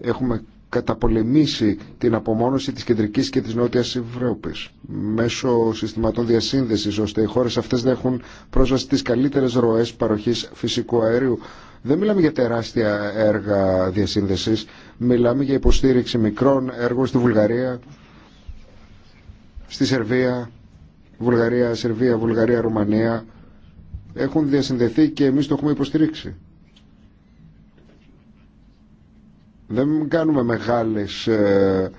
Έχουμε καταπολεμήσει την απομόνωση της κεντρικής και της νότιας Ευρώπης μέσω συστηματών διασύνδεσης ώστε οι χώρες αυτές να έχουν πρόσβαση στις καλύτερες ροές παροχής φυσικού αερίου. Δεν μιλάμε για τεράστια έργα διασύνδεσης, μιλάμε για υποστήριξη μικρών έργων στη Βουλγαρία, στη Σερβία, Βουλγαρία, Σερβία, Βουλγαρία, Ρουμανία έχουν διασυνδεθεί και εμείς το έχουμε υποστηρίξει. Δεν κάνουμε μεγάλες, ε,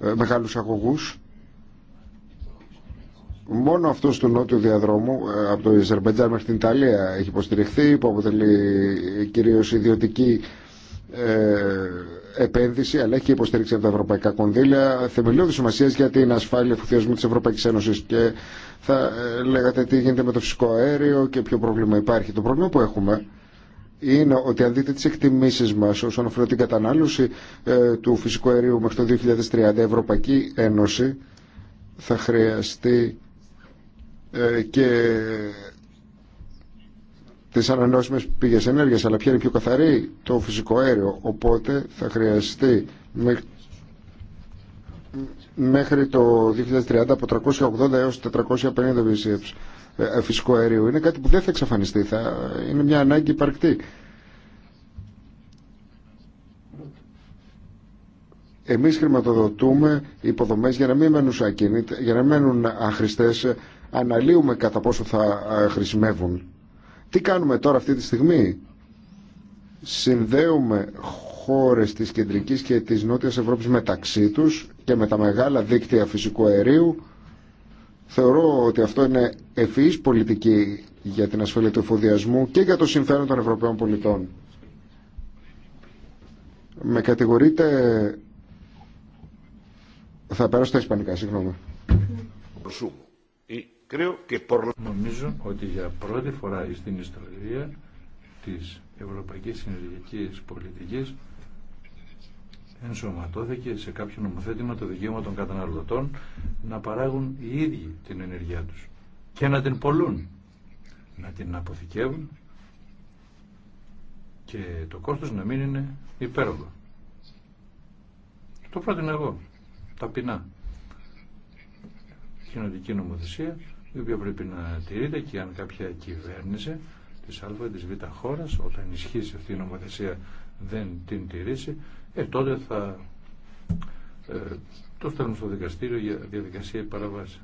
ε, μεγάλους αγωγούς. Μόνο αυτό του νότιου διαδρόμου ε, από το Ιζερμπετζάν μέχρι την Ιταλία έχει υποστηριχθεί που αποτελεί κυρίως ιδιωτική επένδυση αλλά και υποστήριξη από τα ευρωπαϊκά κονδύλια θεμελιώδη σημασία για την ασφάλεια εφοδιασμού τη Ευρωπαϊκή Ένωση. Και θα ε, λέγατε τι γίνεται με το φυσικό αέριο και ποιο πρόβλημα υπάρχει. Το πρόβλημα που έχουμε είναι ότι αν δείτε τις εκτιμήσεις μας όσον αφορά την κατανάλωση ε, του φυσικού αερίου μέχρι το 2030 η Ευρωπαϊκή Ένωση θα χρειαστεί ε, και τι ανανεώσιμε πηγές ενέργειας, αλλά ποια είναι πιο καθαρή το φυσικό αέριο. Οπότε θα χρειαστεί μέχρι το 2030 από 380 έως 450 BCF ε, ε, φυσικό αέριο. Είναι κάτι που δεν θα εξαφανιστεί, θα, είναι μια ανάγκη υπαρκτή. Εμείς χρηματοδοτούμε υποδομές για να μην μένουν ακίνητα, για να μένουν αχρηστές, αναλύουμε κατά πόσο θα ε, χρησιμεύουν. Τι κάνουμε τώρα αυτή τη στιγμή. Συνδέουμε χώρες της κεντρικής και της νότιας Ευρώπης μεταξύ τους και με τα μεγάλα δίκτυα φυσικού αερίου. Θεωρώ ότι αυτό είναι ευφυής πολιτική για την ασφαλή του εφοδιασμού και για το συμφέρον των Ευρωπαίων πολιτών. Με κατηγορείτε... Θα πέρασω στα ισπανικά, συγγνώμη. Νομίζω ότι για πρώτη φορά στην ιστορία της Ευρωπαϊκής Συνεργικής Πολιτικής ενσωματώθηκε σε κάποιο νομοθέτημα το δικαίωμα των καταναλωτών να παράγουν οι ίδιοι την ενεργειά τους και να την πολλούν, να την αποθηκεύουν και το κόστος να μην είναι υπέροχο. Το πρότεινα εγώ, ταπεινά. Κοινοτική νομοθεσία η οποία πρέπει να τηρείται και αν κάποια κυβέρνηση τη Α τη Β χώρα, όταν ισχύσει αυτή η νομοθεσία δεν την τηρήσει ε, τότε θα ε, το στέλνουμε στο δικαστήριο για διαδικασία παραβάση.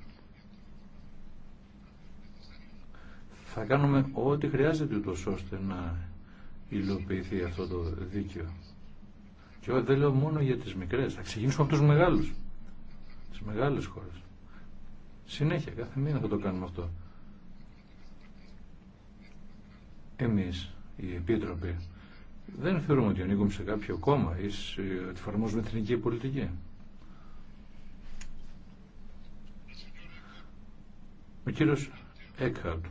Θα κάνουμε ό,τι χρειάζεται ούτως ώστε να υλοποιηθεί αυτό το δίκαιο. Και δεν λέω μόνο για τις μικρές, θα ξεκινήσουμε από τους μεγάλους, τις μεγάλες χώρες. Συνέχεια, κάθε μήνα θα το κάνουμε αυτό. Εμείς, οι επίτροποι, δεν θεωρούμε ότι ανήκουμε σε κάποιο κόμμα ή ότι εφαρμόζουμε εθνική πολιτική. Ο κύριος Έκχαρτ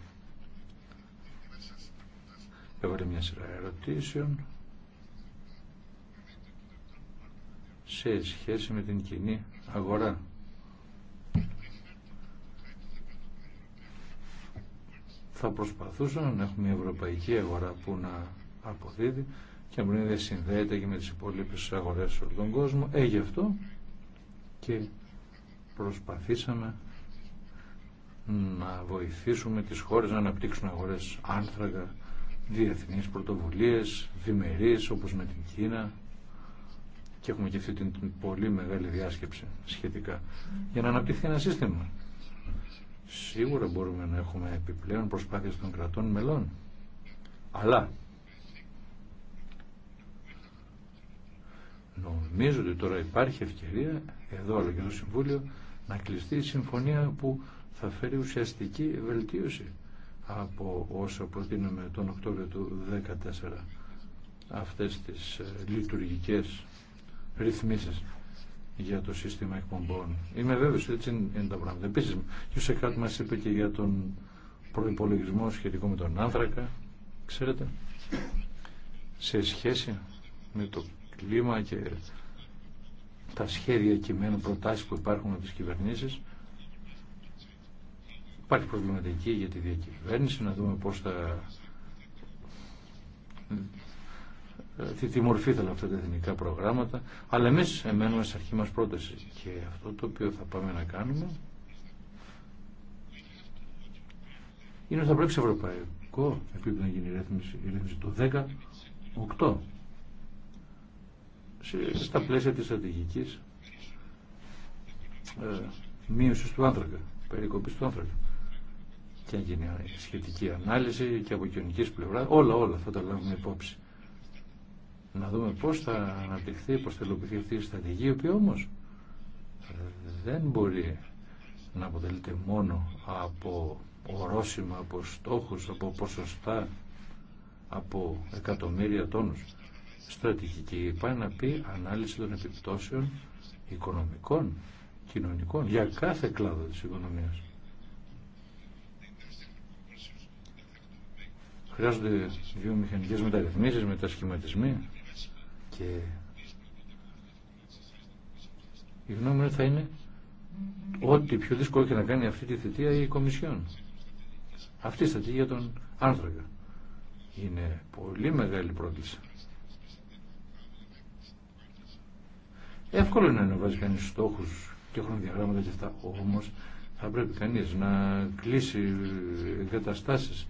έβαλε μια σειρά ερωτήσεων σε σχέση με την κοινή αγορά. θα προσπαθούσαν να έχουμε μια ευρωπαϊκή αγορά που να αποδίδει και να μπορεί να συνδέεται και με τις υπόλοιπε αγορές σε όλο τον κόσμο. Ε, γι' αυτό και προσπαθήσαμε να βοηθήσουμε τις χώρες να αναπτύξουν αγορές άνθρακα, διεθνείς πρωτοβουλίες, διμερείς όπως με την Κίνα και έχουμε και αυτή την πολύ μεγάλη διάσκεψη σχετικά για να αναπτυχθεί ένα σύστημα Σίγουρα μπορούμε να έχουμε επιπλέον προσπάθειες των κρατών μελών. Αλλά νομίζω ότι τώρα υπάρχει ευκαιρία εδώ αλλά και στο Συμβούλιο να κλειστεί η συμφωνία που θα φέρει ουσιαστική βελτίωση από όσα προτείνουμε τον Οκτώβριο του 2014 αυτές τις ε, λειτουργικές ρυθμίσεις για το σύστημα εκπομπών. Είμαι βέβαιος, έτσι είναι τα πράγματα. Επίσης, ο Σεκάτ μας είπε και για τον προπολογισμό σχετικό με τον άνθρακα, ξέρετε, σε σχέση με το κλίμα και τα σχέδια κειμένου προτάσεις που υπάρχουν από τις κυβερνήσεις, υπάρχει προβληματική για τη διακυβέρνηση, να δούμε πώς θα ε, τι, τη μορφή θέλουν αυτά τα εθνικά προγράμματα, αλλά εμείς εμένουμε σε αρχή μας πρόταση. Και αυτό το οποίο θα πάμε να κάνουμε είναι ότι θα πρέπει σε ευρωπαϊκό επίπεδο να γίνει η ρύθμιση, η ρύθμιση του 18 στα πλαίσια της στρατηγικής ε, μείωσης του άνθρακα, περικοπής του άνθρακα. Και αν γίνει σχετική ανάλυση και από κοινωνικής πλευρά, όλα όλα θα τα λάβουμε υπόψη να δούμε πώς θα αναπτυχθεί, πώς θα υλοποιηθεί αυτή η στρατηγική, η οποία όμως δεν μπορεί να αποτελείται μόνο από ορόσημα, από στόχους, από ποσοστά, από εκατομμύρια τόνους. Στρατηγική πάει να πει ανάλυση των επιπτώσεων οικονομικών, κοινωνικών, για κάθε κλάδο της οικονομίας. Χρειάζονται βιομηχανικές μεταρρυθμίσεις, μετασχηματισμοί και η γνώμη μου θα είναι ό,τι πιο δύσκολο έχει να κάνει αυτή τη θητεία η Κομισιόν. Αυτή η στρατηγία για τον άνθρωπο Είναι πολύ μεγάλη πρόκληση. Εύκολο είναι να βάζει κανεί στόχου και χρονοδιαγράμματα και αυτά. Όμω θα πρέπει κανεί να κλείσει εγκαταστάσει.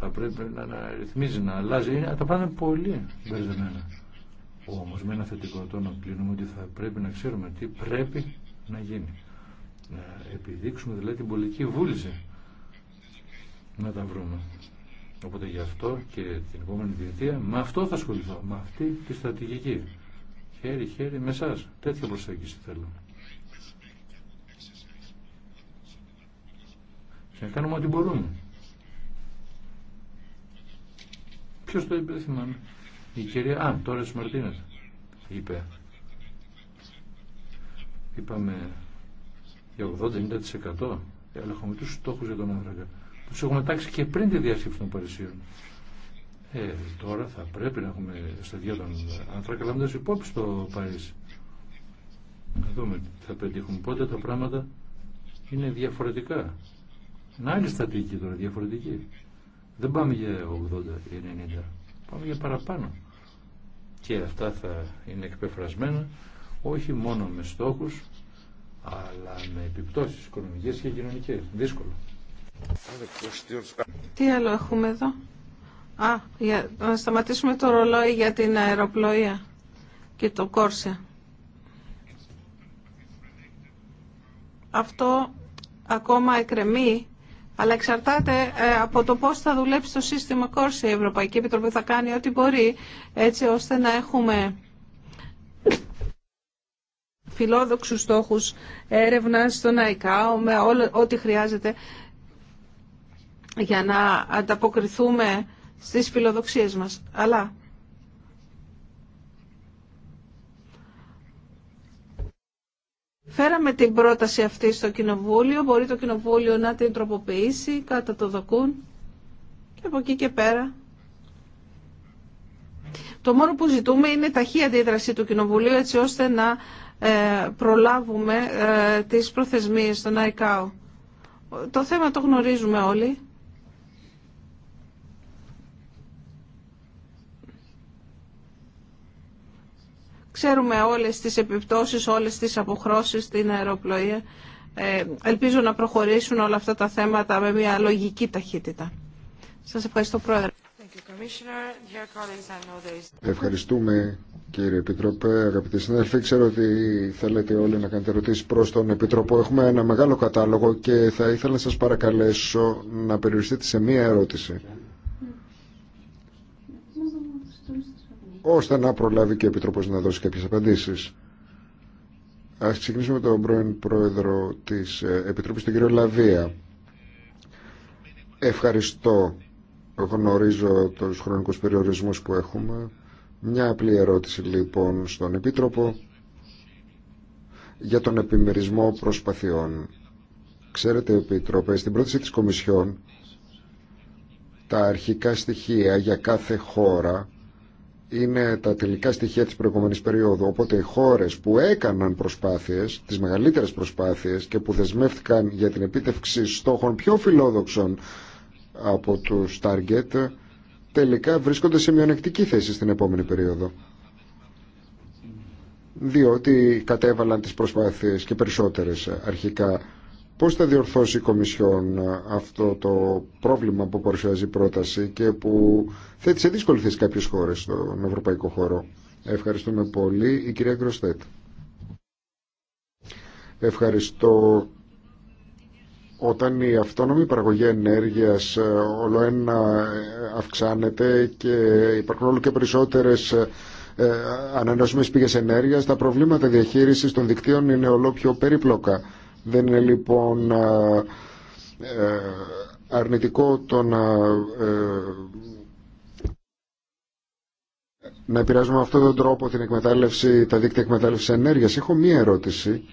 Θα πρέπει να, ρυθμίζει, να αλλάζει. τα πράγματα είναι πολύ μπερδεμένα. Όμω με ένα θετικό τόνο κλείνουμε ότι θα πρέπει να ξέρουμε τι πρέπει να γίνει. Να επιδείξουμε δηλαδή την πολιτική βούληση να τα βρούμε. Οπότε γι' αυτό και την επόμενη διετία με αυτό θα ασχοληθώ, με αυτή τη στρατηγική. Χέρι-χέρι με εσά. Τέτοια προσέγγιση θέλω. Και να κάνουμε ό,τι μπορούμε. Ποιος το είπε, η κυρία Α, τώρα Μαρτίνας, είπε είπαμε για 80-90% έχουμε τους στόχους για τον άνθρακα τους έχουμε τάξει και πριν τη διάσκεψη των Παρισίων ε, τώρα θα πρέπει να έχουμε δύο των άνθρακα υπόψη στο Παρίσι να δούμε τι θα πετύχουμε πότε τα πράγματα είναι διαφορετικά να άλλη στατική τώρα διαφορετική δεν πάμε για 80-90 ή πάμε για παραπάνω και αυτά θα είναι εκπεφρασμένα όχι μόνο με στόχους αλλά με επιπτώσεις οικονομικές και κοινωνικές. Δύσκολο. Τι άλλο έχουμε εδώ. Α, για, να σταματήσουμε το ρολόι για την αεροπλοεία και το κόρσια. Αυτό ακόμα εκρεμεί αλλά εξαρτάται ε, από το πώς θα δουλέψει το σύστημα κόρση η Ευρωπαϊκή Επιτροπή θα κάνει ό,τι μπορεί έτσι ώστε να έχουμε φιλόδοξους στόχους έρευνας στον Ναϊκά, με ό,τι χρειάζεται για να ανταποκριθούμε στις φιλοδοξίες μας. Αλλά Φέραμε την πρόταση αυτή στο Κοινοβούλιο, μπορεί το Κοινοβούλιο να την τροποποιήσει κατά το δοκούν και από εκεί και πέρα. Το μόνο που ζητούμε είναι ταχύ αντίδραση του Κοινοβουλίου έτσι ώστε να ε, προλάβουμε ε, τις προθεσμίες στον ΑΕΚΑΟ. Το θέμα το γνωρίζουμε όλοι. Ξέρουμε όλες τις επιπτώσεις, όλες τις αποχρώσεις στην αεροπλοεία. Ε, ελπίζω να προχωρήσουν όλα αυτά τα θέματα με μια λογική ταχύτητα. Σας ευχαριστώ Πρόεδρε. Ευχαριστούμε κύριε Επιτροπέ, αγαπητοί συνάδελφοι. Ξέρω ότι θέλετε όλοι να κάνετε ερωτήσεις προς τον Επιτροπό. Έχουμε ένα μεγάλο κατάλογο και θα ήθελα να σας παρακαλέσω να περιοριστείτε σε μία ερώτηση. ώστε να προλάβει και ο Επιτροπός να δώσει κάποιες απαντήσεις. Ας ξεκινήσουμε με τον πρώην πρόεδρο της ε, Επιτροπής, τον κύριο Λαβία. Ευχαριστώ. Γνωρίζω τους χρονικούς περιορισμούς που έχουμε. Μια απλή ερώτηση λοιπόν στον Επίτροπο για τον επιμερισμό προσπαθειών. Ξέρετε, Επίτροπε, στην πρόταση της Κομισιόν τα αρχικά στοιχεία για κάθε χώρα είναι τα τελικά στοιχεία της προηγούμενης περίοδου. Οπότε οι χώρες που έκαναν προσπάθειες, τις μεγαλύτερες προσπάθειες και που δεσμεύτηκαν για την επίτευξη στόχων πιο φιλόδοξων από τους target, τελικά βρίσκονται σε μειονεκτική θέση στην επόμενη περίοδο. Διότι κατέβαλαν τις προσπάθειες και περισσότερες αρχικά Πώς θα διορθώσει η Κομισιόν ε, αυτό το πρόβλημα που παρουσιάζει η πρόταση και που θέτει σε δύσκολη θέση κάποιες χώρες στον ευρωπαϊκό χώρο. Ευχαριστούμε πολύ. Η κυρία Γκροστέτ. Ευχαριστώ. Όταν η αυτόνομη παραγωγή ενέργειας ε, όλο ένα ε, αυξάνεται και υπάρχουν όλο και περισσότερες ανανεώσιμες πηγές ενέργειας, τα προβλήματα διαχείρισης των δικτύων είναι όλο περίπλοκα δεν είναι λοιπόν ε, αρνητικό το να, ε, να επηρεάζουμε με αυτόν τον τρόπο την εκμετάλλευση, τα δίκτυα εκμετάλλευσης ενέργειας. Έχω μία ερώτηση.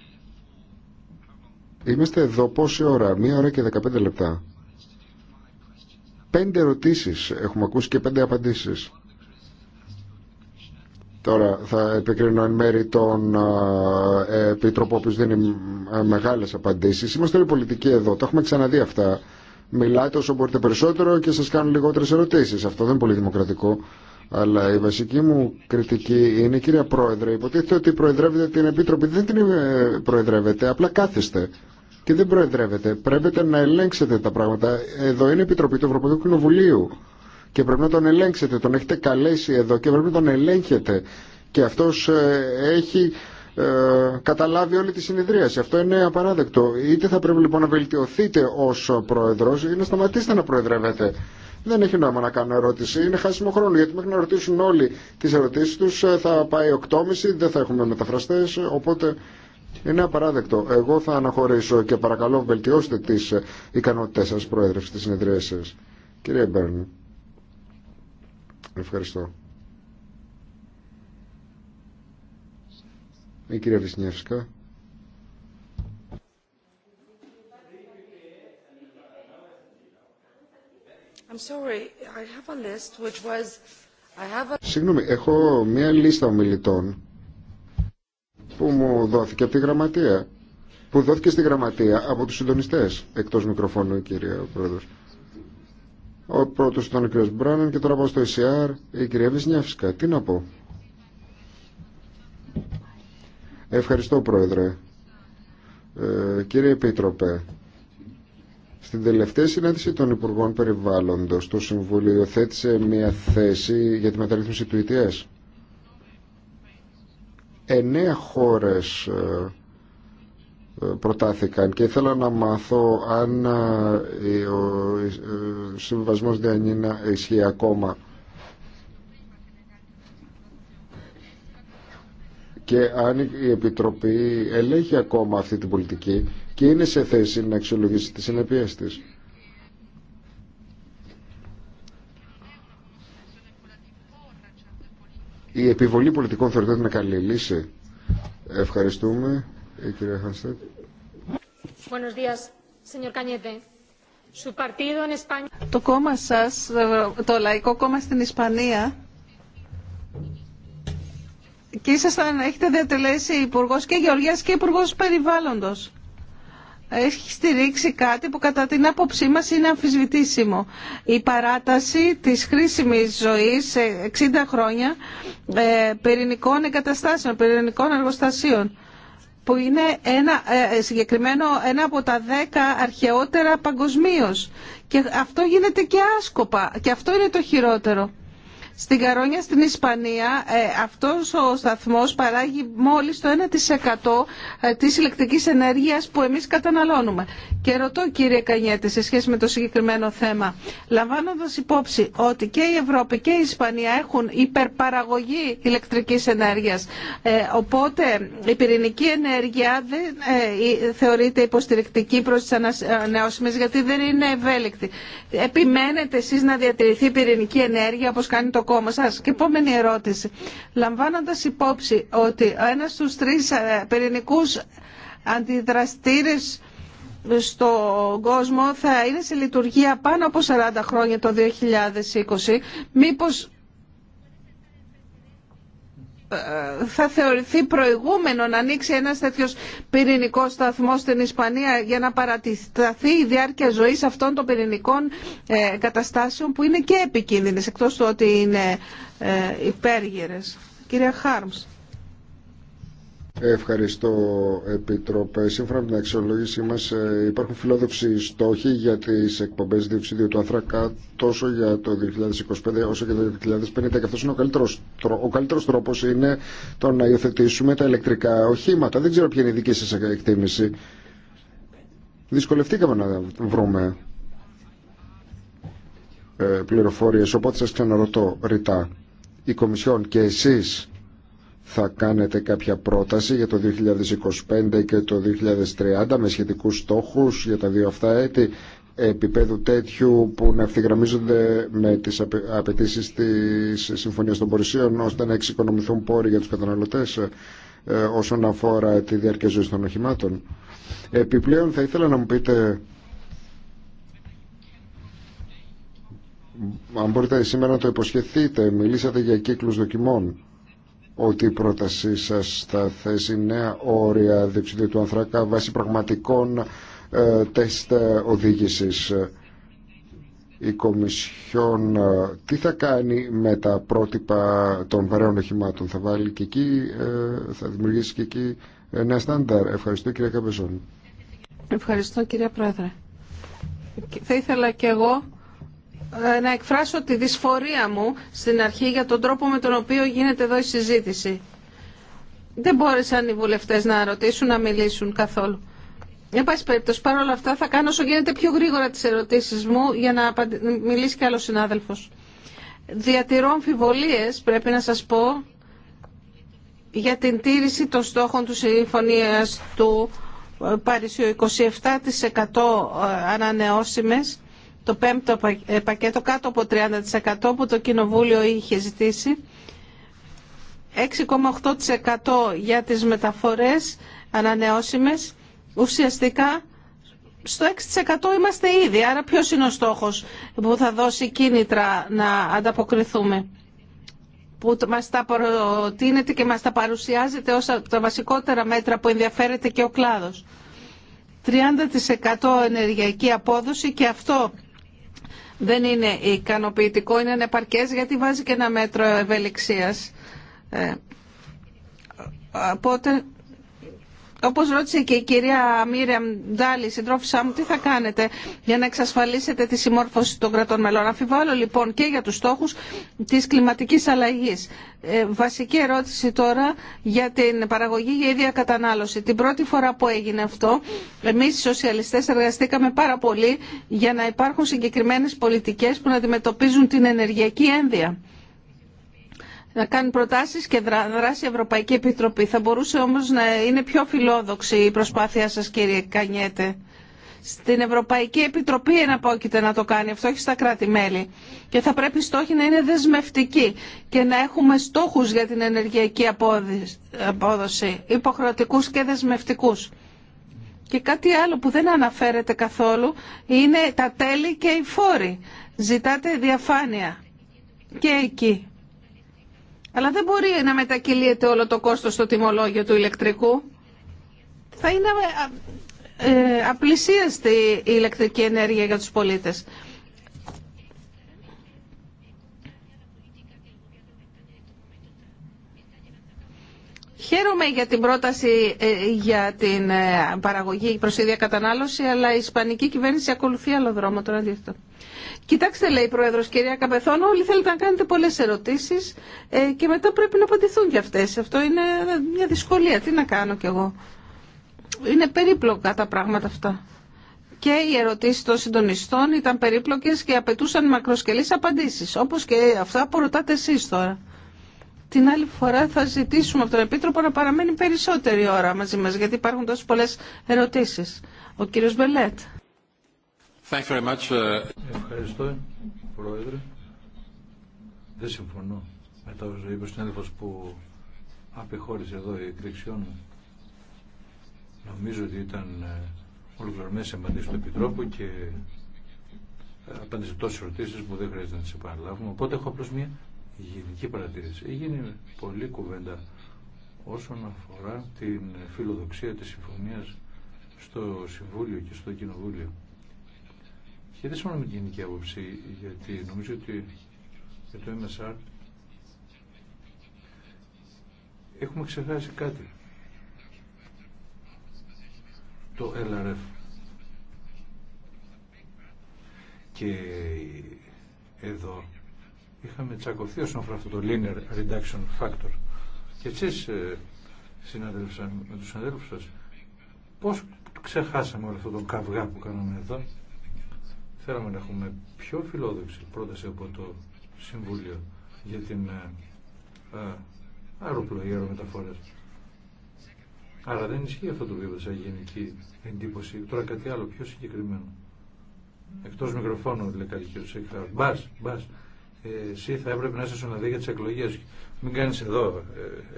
Είμαστε εδώ πόση ώρα, μία ώρα και 15 λεπτά. Πέντε ερωτήσεις έχουμε ακούσει και πέντε απαντήσεις. Τώρα θα επικρίνω εν μέρη τον ε, Επίτροπο, ο δίνει ε, μεγάλες απαντήσεις. Είμαστε όλοι πολιτικοί εδώ, τα έχουμε ξαναδεί αυτά. Μιλάτε όσο μπορείτε περισσότερο και σα κάνουν λιγότερε ερωτήσει. Αυτό δεν είναι πολύ δημοκρατικό. Αλλά η βασική μου κριτική είναι, κυρία Πρόεδρε, υποτίθεται ότι προεδρεύετε την Επίτροπη. Δεν την ε, προεδρεύετε, απλά κάθεστε και δεν προεδρεύετε. Πρέπει να ελέγξετε τα πράγματα. Εδώ είναι η Επιτροπή του Ευρωπαϊκού Κοινοβουλίου και πρέπει να τον ελέγξετε. Τον έχετε καλέσει εδώ και πρέπει να τον ελέγχετε. Και αυτός ε, έχει ε, καταλάβει όλη τη συνεδρίαση. Αυτό είναι απαράδεκτο. Είτε θα πρέπει λοιπόν να βελτιωθείτε ως πρόεδρος ή να σταματήσετε να προεδρεύετε. Δεν έχει νόημα να κάνω ερώτηση. Είναι χάσιμο χρόνο γιατί μέχρι να ρωτήσουν όλοι τις ερωτήσεις τους ε, θα πάει 8.30, δεν θα έχουμε μεταφραστές, οπότε... Είναι απαράδεκτο. Εγώ θα αναχωρήσω και παρακαλώ βελτιώστε τις ικανότητες σας, Πρόεδρε, στις συνεδρίες σας. Κύριε Μπέρνου. Ευχαριστώ. Η κυρία Βυσνιεύσκα. Συγγνώμη, έχω μία λίστα ομιλητών που μου δόθηκε από τη γραμματεία. Που δόθηκε στη γραμματεία από τους συντονιστές, εκτός μικροφώνου, κύριε Πρόεδρος. Ο πρώτο ήταν ο κ. Μπράνεν και τώρα πάω στο ΕΣΥΑΡ. η κυρία Βυσνιεύσκα. Τι να πω. Ευχαριστώ Πρόεδρε. Ε, κύριε Επίτροπε, στην τελευταία συνάντηση των Υπουργών Περιβάλλοντος το Συμβούλιο θέτησε μια θέση για τη μεταρρύθμιση του ΙΤΕΣ. Εννέα χώρε,. Ε, προτάθηκαν και ήθελα να μάθω αν ε, ο ε, συμβασμός Διανίνα ε, ισχύει ακόμα και αν η Επιτροπή ελέγχει ακόμα αυτή την πολιτική και είναι σε θέση να αξιολογήσει τις συνεπίες της. Η επιβολή πολιτικών θεωρείται είναι καλή λύση. Ευχαριστούμε. Ε, το κόμμα σας, ε, το Λαϊκό Κόμμα στην Ισπανία, και ήσασταν, έχετε διατελέσει υπουργό και γεωργίας και υπουργό περιβάλλοντος. Έχει στηρίξει κάτι που κατά την άποψή μας είναι αμφισβητήσιμο. Η παράταση της χρήσιμης ζωής σε 60 χρόνια ε, πυρηνικών εγκαταστάσεων, πυρηνικών εργοστασίων που είναι ένα, ε, ε, συγκεκριμένο ένα από τα δέκα αρχαιότερα παγκοσμίω. Και αυτό γίνεται και άσκοπα και αυτό είναι το χειρότερο. Στην Καρόνια, στην Ισπανία, ε, αυτός ο σταθμός παράγει μόλις το 1% ε, της ηλεκτρικής ενέργειας που εμείς καταναλώνουμε. Και ρωτώ κύριε Κανιέτη σε σχέση με το συγκεκριμένο θέμα, λαμβάνοντας υπόψη ότι και η Ευρώπη και η Ισπανία έχουν υπερπαραγωγή ηλεκτρικής ενέργειας, ε, οπότε η πυρηνική ενέργεια δεν θεωρείται υποστηρικτική προς τις ανανεώσιμε γιατί δεν είναι ευέλικτη. Επιμένετε εσείς να διατηρηθεί η πυρηνική ενέργεια όπως κάνει το κόμμα Και επόμενη ερώτηση. Λαμβάνοντας υπόψη ότι ένας στους τρεις ε, πυρηνικούς αντιδραστήρες στον κόσμο θα είναι σε λειτουργία πάνω από 40 χρόνια το 2020. Μήπως θα θεωρηθεί προηγούμενο να ανοίξει ένας τέτοιος πυρηνικός σταθμός στην Ισπανία για να παρατηθεί η διάρκεια ζωής αυτών των πυρηνικών ε, καταστάσεων που είναι και επικίνδυνες εκτός του ότι είναι ε, υπέργυρες. Κυρία Χάρμς. Ευχαριστώ, Επίτροπε. Σύμφωνα με την αξιολόγησή μα, ε, υπάρχουν φιλόδοξοι στόχοι για τι εκπομπέ διοξιδίου του άνθρακα τόσο για το 2025 όσο και το 2050. Και αυτό είναι ο καλύτερο καλύτερος τρόπο είναι το να υιοθετήσουμε τα ηλεκτρικά οχήματα. Δεν ξέρω ποια είναι η δική σα εκτίμηση. Δυσκολευτήκαμε να βρούμε ε, πληροφορίες, οπότε σας ξαναρωτώ ρητά. Η Κομισιόν και εσείς θα κάνετε κάποια πρόταση για το 2025 και το 2030 με σχετικούς στόχους για τα δύο αυτά έτη επίπεδου τέτοιου που να ευθυγραμμίζονται με τις απαιτήσει της Συμφωνίας των Πορυσίων ώστε να εξοικονομηθούν πόροι για τους καταναλωτές ε, όσον αφορά τη διάρκεια ζωής των οχημάτων. Επιπλέον θα ήθελα να μου πείτε αν μπορείτε σήμερα να το υποσχεθείτε, μιλήσατε για κύκλους δοκιμών ότι η πρότασή σας θα θέσει νέα όρια διευθυντήτου του ανθράκα βάσει πραγματικών ε, τεστ ε, οδήγησης. Η Κομισιόν ε, τι θα κάνει με τα πρότυπα των βαρέων οχημάτων. Θα βάλει ε, θα δημιουργήσει και εκεί νέα στάνταρ. Ευχαριστώ κυρία Καμπεζόν. Ευχαριστώ κυρία Πρόεδρε. Θα ήθελα και εγώ ε, να εκφράσω τη δυσφορία μου στην αρχή για τον τρόπο με τον οποίο γίνεται εδώ η συζήτηση. Δεν μπόρεσαν οι βουλευτές να ρωτήσουν, να μιλήσουν καθόλου. Εν πάση περίπτωση, παρόλα αυτά θα κάνω όσο γίνεται πιο γρήγορα τις ερωτήσεις μου για να μιλήσει και άλλος συνάδελφος. Διατηρώ αμφιβολίες, πρέπει να σας πω, για την τήρηση των στόχων του συμφωνίας του ε, Παρισιού 27% ανανεώσιμες το πέμπτο ε, πακέτο κάτω από 30% που το Κοινοβούλιο είχε ζητήσει, 6,8% για τις μεταφορές ανανεώσιμες, ουσιαστικά στο 6% είμαστε ήδη. Άρα ποιος είναι ο στόχος που θα δώσει κίνητρα να ανταποκριθούμε. Που μας τα προτείνεται και μας τα παρουσιάζεται ως τα βασικότερα μέτρα που ενδιαφέρεται και ο κλάδος. 30% ενεργειακή απόδοση και αυτό δεν είναι ικανοποιητικό, είναι επαρκέ γιατί βάζει και ένα μέτρο ευελιξίας. Ε, Όπω ρώτησε και η κυρία Μίρια Μντάλη, συντρόφισά μου, τι θα κάνετε για να εξασφαλίσετε τη συμμόρφωση των κρατών μελών. Αφιβάλλω λοιπόν και για τους στόχους τη κλιματική αλλαγή. Ε, βασική ερώτηση τώρα για την παραγωγή για ίδια κατανάλωση. Την πρώτη φορά που έγινε αυτό, εμεί, οι σοσιαλιστές εργαστήκαμε πάρα πολύ για να υπάρχουν συγκεκριμένε πολιτικέ που να αντιμετωπίζουν την ενεργειακή ένδυα να κάνει προτάσεις και δράσει η Ευρωπαϊκή Επιτροπή. Θα μπορούσε όμως να είναι πιο φιλόδοξη η προσπάθειά σας κύριε Κανιέτε. Στην Ευρωπαϊκή Επιτροπή εναπόκειται να το κάνει αυτό, όχι στα κράτη-μέλη. Και θα πρέπει οι στόχοι να είναι δεσμευτικοί και να έχουμε στόχους για την ενεργειακή απόδοση, υποχρεωτικούς και δεσμευτικού. Και κάτι άλλο που δεν αναφέρεται καθόλου είναι τα τέλη και οι φόροι. Ζητάτε διαφάνεια και εκεί. Αλλά δεν μπορεί να μετακυλείται όλο το κόστος στο τιμολόγιο του ηλεκτρικού. Θα είναι ε, ε, απλησίαστη η ηλεκτρική ενέργεια για τους πολίτες. Χαίρομαι για την πρόταση ε, για την παραγωγή προς ίδια κατανάλωση, αλλά η Ισπανική κυβέρνηση ακολουθεί άλλο δρόμο Κοιτάξτε, λέει η Πρόεδρο, κυρία Καπεθόν, όλοι θέλετε να κάνετε πολλέ ερωτήσει ε, και μετά πρέπει να απαντηθούν κι αυτέ. Αυτό είναι μια δυσκολία. Τι να κάνω κι εγώ. Είναι περίπλοκα τα πράγματα αυτά. Και οι ερωτήσει των συντονιστών ήταν περίπλοκε και απαιτούσαν μακροσκελεί απαντήσει. Όπω και αυτά που ρωτάτε εσεί τώρα. Την άλλη φορά θα ζητήσουμε από τον Επίτροπο να παραμένει περισσότερη ώρα μαζί μα, γιατί υπάρχουν τόσε πολλέ ερωτήσει. Ο κύριο Μπελέτ. Uh, Ευχαριστώ, Πρόεδρε. Δεν συμφωνώ με το είπε ο που απεχώρησε εδώ η εκδεξιόν Νομίζω ότι ήταν ε, ολοκληρωμένες εμπαντήσεις του Επιτρόπου και ε, απάντησε τόσες ερωτήσεις που δεν χρειάζεται να τις επαναλάβουμε. Οπότε έχω απλώς μια γενική παρατήρηση. Έγινε πολλή κουβέντα όσον αφορά την φιλοδοξία της συμφωνίας στο Συμβούλιο και στο Κοινοβούλιο. Και δεν συμφωνώ με την γενική άποψη, γιατί νομίζω ότι για το MSR έχουμε ξεχάσει κάτι. Το LRF. Και εδώ είχαμε τσακωθεί όσον αφορά αυτό το linear reduction factor. Και εσείς ε, συναδέλφισαν με τους συναδέλφους σας πώς ξεχάσαμε όλο αυτό το καυγά που κάναμε εδώ Θέλαμε να έχουμε πιο φιλόδοξη πρόταση από το Συμβούλιο για την ε, ε, αεροπλοή μεταφορές Άρα δεν ισχύει αυτό το βίβλο σαν γενική εντύπωση. Τώρα κάτι άλλο πιο συγκεκριμένο. Εκτός μικροφώνου, λέει καλή κύριο Σέκφαρ. μπά, μπα. εσύ θα έπρεπε να είσαι στον για τι εκλογές. Μην κάνει εδώ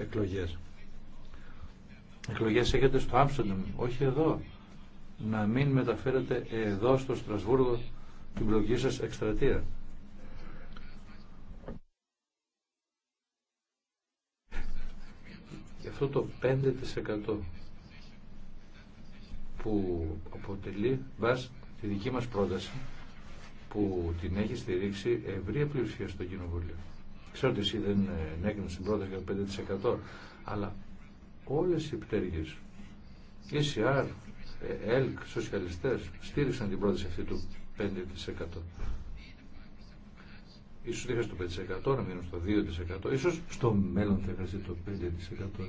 εκλογέ. εκλογές. Εκλογές έχετε στο Άμστερνταμ, όχι εδώ. Να μην μεταφέρετε εδώ στο Στρασβούργο την πλοκή σας εκστρατεία. Και αυτό το 5% που αποτελεί βάση τη δική μας πρόταση που την έχει στηρίξει ευρία πλειοψηφία στο Κοινοβούλιο. Ξέρω ότι εσύ δεν ε, ενέκρινε την πρόταση για το 5% αλλά όλες οι πτέρυγες ECR, ε, ΕΛΚ, σοσιαλιστές στήριξαν την πρόταση αυτή του 5%. Ίσως δεν το 5%, να μείνουν στο 2%. Ίσως στο μέλλον θα χρειαστεί το 5%.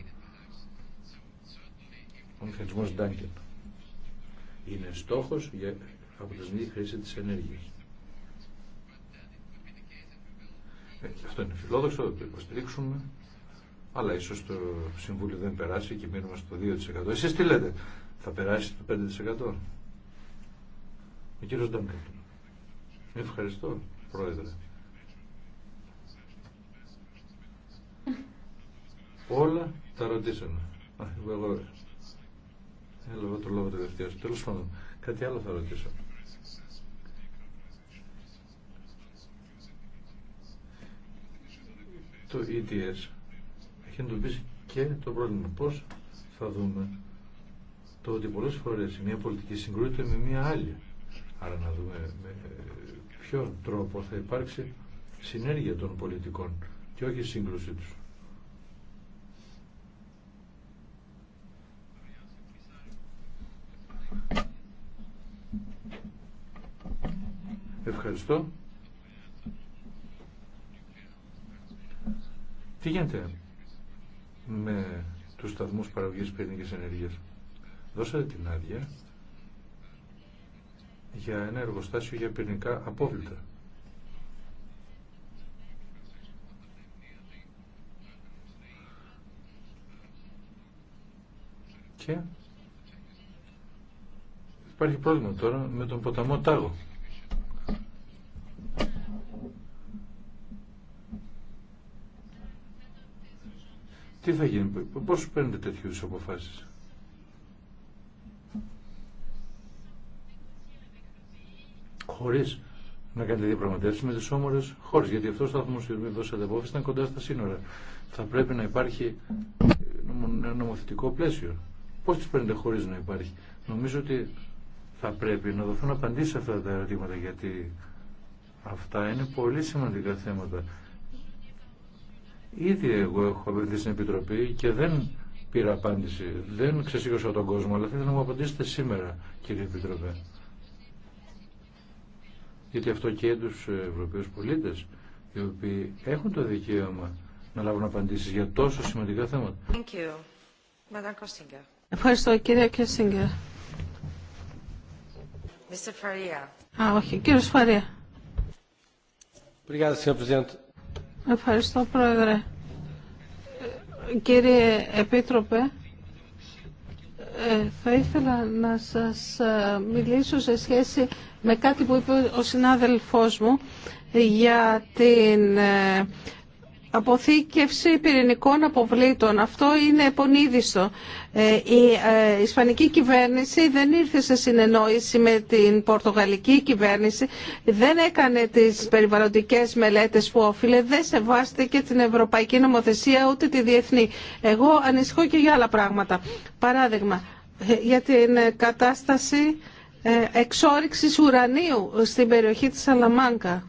Ο μηχανισμός Duncan είναι στόχος για μη χρήση της ενέργειας. Ε, αυτό είναι φιλόδοξο, το υποστηρίξουμε, αλλά ίσω το Συμβούλιο δεν περάσει και μείνουμε στο 2%. Εσείς τι λέτε, θα περάσει το 5%? Ο κύριο Ντάμπλ. Ευχαριστώ, Πρόεδρε. Όλα τα ρωτήσαμε. Α, εγώ έλαβα το λόγο τελευταίο. Τέλο πάντων, κάτι άλλο θα ρωτήσω. Το ETS έχει εντοπίσει και το πρόβλημα. Πώ θα δούμε το ότι πολλέ φορέ μια πολιτική συγκρούεται με μια άλλη. Άρα να δούμε με ποιον τρόπο θα υπάρξει συνέργεια των πολιτικών και όχι σύγκρουση τους. Ευχαριστώ. Τι γίνεται με τους σταθμούς παραγωγής πυρηνικής ενέργειας. Δώσατε την άδεια για ένα εργοστάσιο για πυρηνικά απόβλητα. Και υπάρχει πρόβλημα τώρα με τον ποταμό Τάγο. Τι θα γίνει, πώς παίρνετε τέτοιου αποφάσεις. Χωρί να κάνετε διαπραγματεύσει με τι όμορε χώρε. Γιατί αυτό ο σταθμό που δώσατε απόφαση ήταν κοντά στα σύνορα. Θα πρέπει να υπάρχει νομοθετικό πλαίσιο. Πώ τι παίρνετε χωρί να υπάρχει. Νομίζω ότι θα πρέπει να δοθούν απαντήσει σε αυτά τα ερωτήματα γιατί αυτά είναι πολύ σημαντικά θέματα. Ήδη εγώ έχω απαντήσει στην Επιτροπή και δεν πήρα απάντηση. Δεν ξεσήκωσα τον κόσμο, αλλά θέλω να μου απαντήσετε σήμερα, κύριε Επιτροπέ γιατί αυτό και του ε, Ευρωπαίου πολίτε, οι οποίοι έχουν το δικαίωμα να λάβουν απαντήσει για τόσο σημαντικά θέματα. Thank you. Ευχαριστώ κύριε Κέσσιγκερ. Mr. Faria. Α, όχι, κύριο Φαρία. Ευχαριστώ πρόεδρε. Ε, κύριε Επίτροπε, ε, θα ήθελα να σας ε, μιλήσω σε σχέση με κάτι που είπε ο συνάδελφός μου για την ε, αποθήκευση πυρηνικών αποβλήτων. Αυτό είναι επονίδιστο. Ε, ε, η Ισπανική κυβέρνηση δεν ήρθε σε συνεννόηση με την Πορτογαλική κυβέρνηση, δεν έκανε τις περιβαλλοντικές μελέτες που όφιλε, δεν σεβάστηκε την Ευρωπαϊκή Νομοθεσία ούτε τη Διεθνή. Εγώ ανησυχώ και για άλλα πράγματα. Παράδειγμα, ε, για την κατάσταση εξόριξης ουρανίου στην περιοχή της Σαλαμάνκα.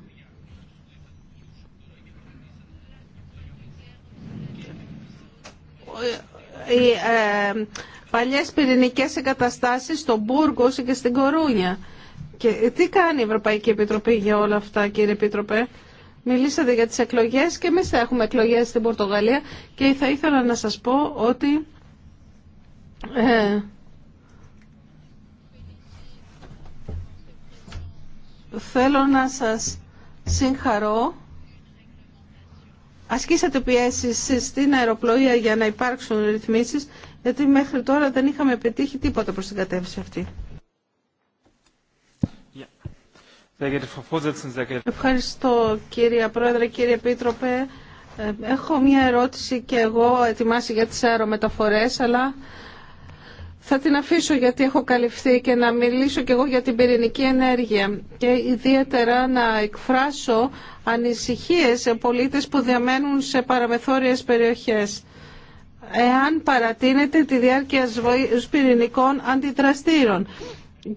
οι ε, ε, παλιές πυρηνικές εγκαταστάσεις στο Μπούργος και στην Κορούνια. Και τι κάνει η Ευρωπαϊκή Επιτροπή για όλα αυτά, κύριε Επίτροπε. Μιλήσατε για τις εκλογές και εμείς θα έχουμε εκλογές στην Πορτογαλία και θα ήθελα να σας πω ότι... Ε, θέλω να σας συγχαρώ ασκήσατε πιέσεις στην αεροπλοεία για να υπάρξουν ρυθμίσεις, γιατί μέχρι τώρα δεν είχαμε πετύχει τίποτα προς την κατεύθυνση αυτή. Ευχαριστώ κύριε Πρόεδρε, κύριε Επίτροπε. Ε, έχω μια ερώτηση και εγώ ετοιμάσει για τις αερομεταφορές, αλλά θα την αφήσω γιατί έχω καλυφθεί και να μιλήσω και εγώ για την πυρηνική ενέργεια και ιδιαίτερα να εκφράσω ανησυχίες σε πολίτες που διαμένουν σε παραμεθόριες περιοχές. Εάν παρατείνεται τη διάρκεια ζωής πυρηνικών αντιδραστήρων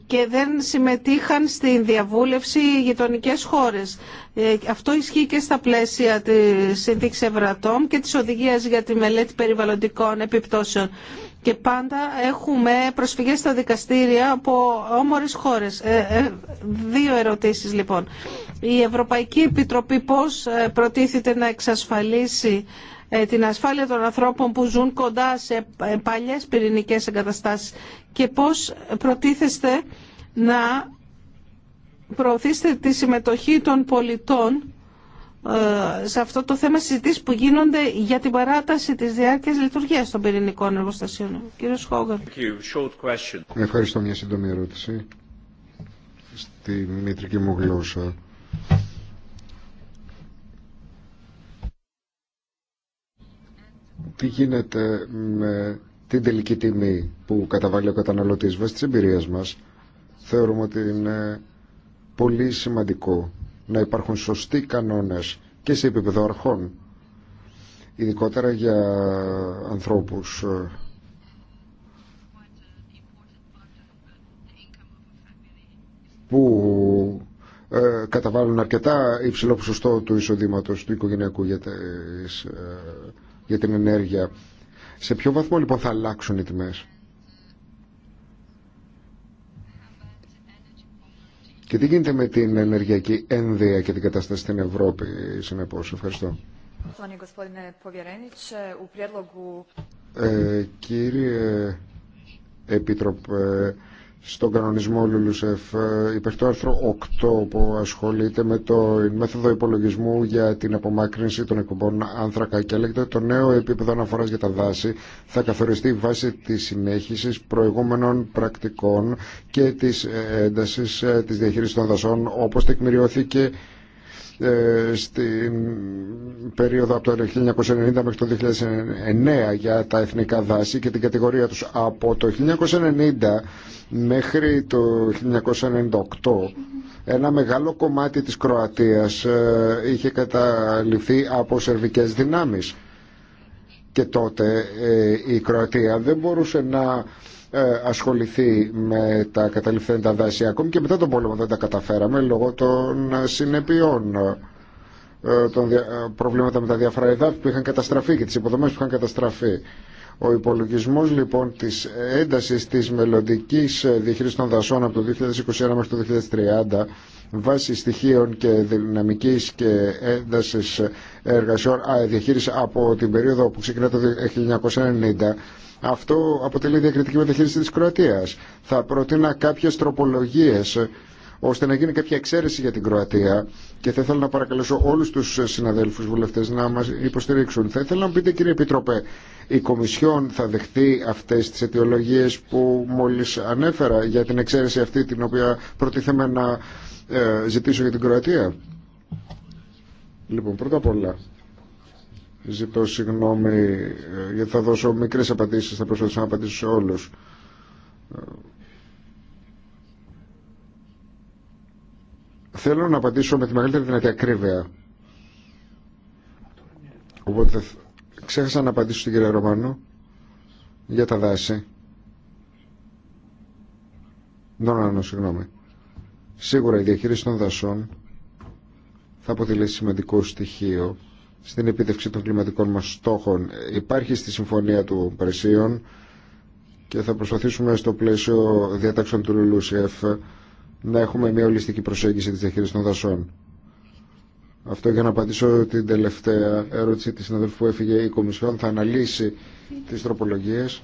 και δεν συμμετείχαν στην διαβούλευση οι γειτονικές χώρες. Ε, αυτό ισχύει και στα πλαίσια της Συνθήκης Ευρατόμ και της Οδηγίας για τη Μελέτη Περιβαλλοντικών Επιπτώσεων και πάντα έχουμε προσφυγές στα δικαστήρια από όμορες χώρες. Ε, ε, δύο ερωτήσεις λοιπόν. Η Ευρωπαϊκή Επιτροπή πώς ε, προτίθεται να εξασφαλίσει την ασφάλεια των ανθρώπων που ζουν κοντά σε παλιές πυρηνικές εγκαταστάσεις και πώς προτίθεστε να προωθήσετε τη συμμετοχή των πολιτών ε, σε αυτό το θέμα συζητήσει που γίνονται για την παράταση της διάρκειας λειτουργίας των πυρηνικών εργοστασίων. Κύριε Σχόγκαρ. Ευχαριστώ μια σύντομη ερώτηση στη μητρική μου γλώσσα. Τι γίνεται με την τελική τιμή που καταβάλει ο καταναλωτής βάσει της εμπειρίας μας. Θεωρούμε ότι είναι πολύ σημαντικό να υπάρχουν σωστοί κανόνες και σε επίπεδο αρχών, ειδικότερα για ανθρώπους ε, που ε, καταβάλουν αρκετά υψηλό ποσοστό του εισοδήματος του οικογενειακού για, ε, για την ενέργεια. Σε ποιο βαθμό λοιπόν θα αλλάξουν οι τιμές. Και τι γίνεται με την ενεργειακή ένδυα και την κατάσταση στην Ευρώπη, συνεπώ. Ευχαριστώ. Ε, κύριε Επίτροπε, στον κανονισμό Λουλουσεφ. Ε, υπάρχει το άρθρο 8 που ασχολείται με το μέθοδο υπολογισμού για την απομάκρυνση των εκπομπών άνθρακα και λέγεται το νέο επίπεδο αναφοράς για τα δάση θα καθοριστεί βάσει της συνέχισης προηγούμενων πρακτικών και της ε, έντασης ε, της διαχείρισης των δασών όπως τεκμηριώθηκε ε, στην περίοδο από το 1990 μέχρι το 2009 για τα εθνικά δάση και την κατηγορία τους. Από το 1990 μέχρι το 1998 ένα μεγάλο κομμάτι της Κροατίας ε, είχε καταληφθεί από σερβικές δυνάμεις. Και τότε ε, η Κροατία δεν μπορούσε να ε, ασχοληθεί με τα καταληφθέντα δάση. Ακόμη και μετά τον πόλεμο δεν τα καταφέραμε λόγω των συνεπειών ε, των ε, προβλήματα με τα διάφορα που είχαν καταστραφεί και τις υποδομές που είχαν καταστραφεί. Ο υπολογισμός λοιπόν τη ένταση τη μελλοντική διαχείριση των δασών από το 2021 μέχρι το 2030 βάσει στοιχείων και δυναμική και ένταση εργασιών διαχείριση από την περίοδο που ξεκινά το 1990 αυτό αποτελεί διακριτική μεταχείριση της Κροατίας. Θα προτείνα κάποιες τροπολογίες ώστε να γίνει κάποια εξαίρεση για την Κροατία και θα ήθελα να παρακαλέσω όλους τους συναδέλφους βουλευτές να μας υποστηρίξουν. Θα ήθελα να πείτε κύριε Επιτροπέ, η Κομισιόν θα δεχτεί αυτές τις αιτιολογίες που μόλις ανέφερα για την εξαίρεση αυτή την οποία προτίθεμαι να ε, ζητήσω για την Κροατία. Λοιπόν, πρώτα απ' όλα, Ζητώ συγγνώμη ε, γιατί θα δώσω μικρές απαντήσεις, θα προσπαθήσω να απαντήσω σε όλους. Ε, θέλω να απαντήσω με τη μεγαλύτερη δυνατή ακρίβεια. Οπότε ξέχασα να απαντήσω στην κυρία Ρωμάνο για τα δάση. ναι, συγγνώμη. Σίγουρα η διαχείριση των δασών θα αποτελεί σημαντικό στοιχείο στην επίτευξη των κλιματικών μας στόχων. Υπάρχει στη Συμφωνία του Παρισίων και θα προσπαθήσουμε στο πλαίσιο διατάξεων του Λουλούσιεφ να έχουμε μια ολιστική προσέγγιση της διαχείρισης των δασών. Αυτό για να απαντήσω την τελευταία ερώτηση της συναδελφού που έφυγε η Κομισιόν θα αναλύσει τις τροπολογίες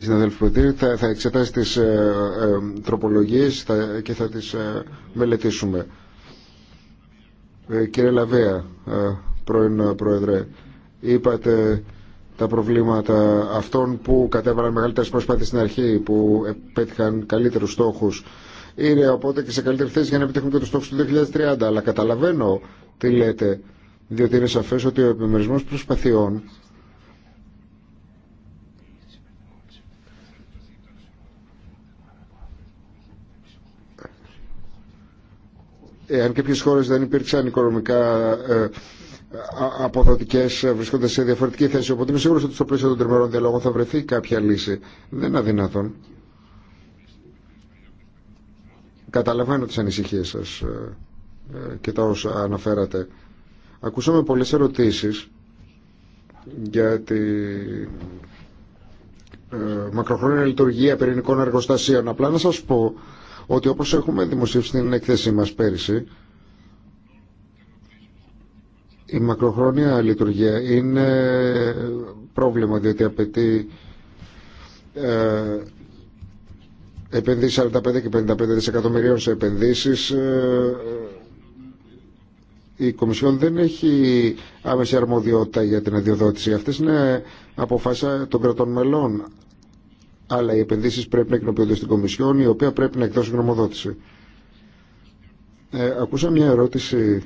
Συναδελφοί, θα, θα εξετάσει τις ε, ε τροπολογίες και θα τις ε, μελετήσουμε. Ε, κύριε Λαβέα, πρώην Πρόεδρε, είπατε τα προβλήματα αυτών που κατέβαλαν μεγαλύτερες προσπάθειες στην αρχή, που πέτυχαν καλύτερους στόχους. Είναι οπότε και σε καλύτερη θέση για να επιτύχουν και τους στόχους του 2030. Αλλά καταλαβαίνω τι λέτε, διότι είναι σαφές ότι ο επιμερισμός προσπαθειών εάν κάποιες χώρες δεν υπήρξαν οικονομικά ε, αποδοτικές ε, βρισκόντας σε διαφορετική θέση. Οπότε είμαι σίγουρος ότι στο πλαίσιο των τριμερών διαλόγων θα βρεθεί κάποια λύση. Δεν είναι αδυνατόν. Καταλαβαίνω τις ανησυχίες σα ε, και τα όσα αναφέρατε. Ακούσαμε πολλές ερωτήσεις για τη μακροχρόνια λειτουργία πυρηνικών εργοστασίων. Απλά να σας πω ότι όπως έχουμε δημοσίευσει στην έκθεσή μας πέρυσι, η μακροχρόνια λειτουργία είναι πρόβλημα διότι απαιτεί ε, επενδύσεις 45 και 55 δισεκατομμυρίων σε επενδύσεις ε, η Κομισιόν δεν έχει άμεση αρμοδιότητα για την αδειοδότηση. Αυτές είναι αποφάσεις των κρατών μελών αλλά οι επενδύσει πρέπει να εκνοποιούνται στην Κομισιόν, η οποία πρέπει να εκδώσει γνωμοδότηση. Ε, ακούσα μια ερώτηση.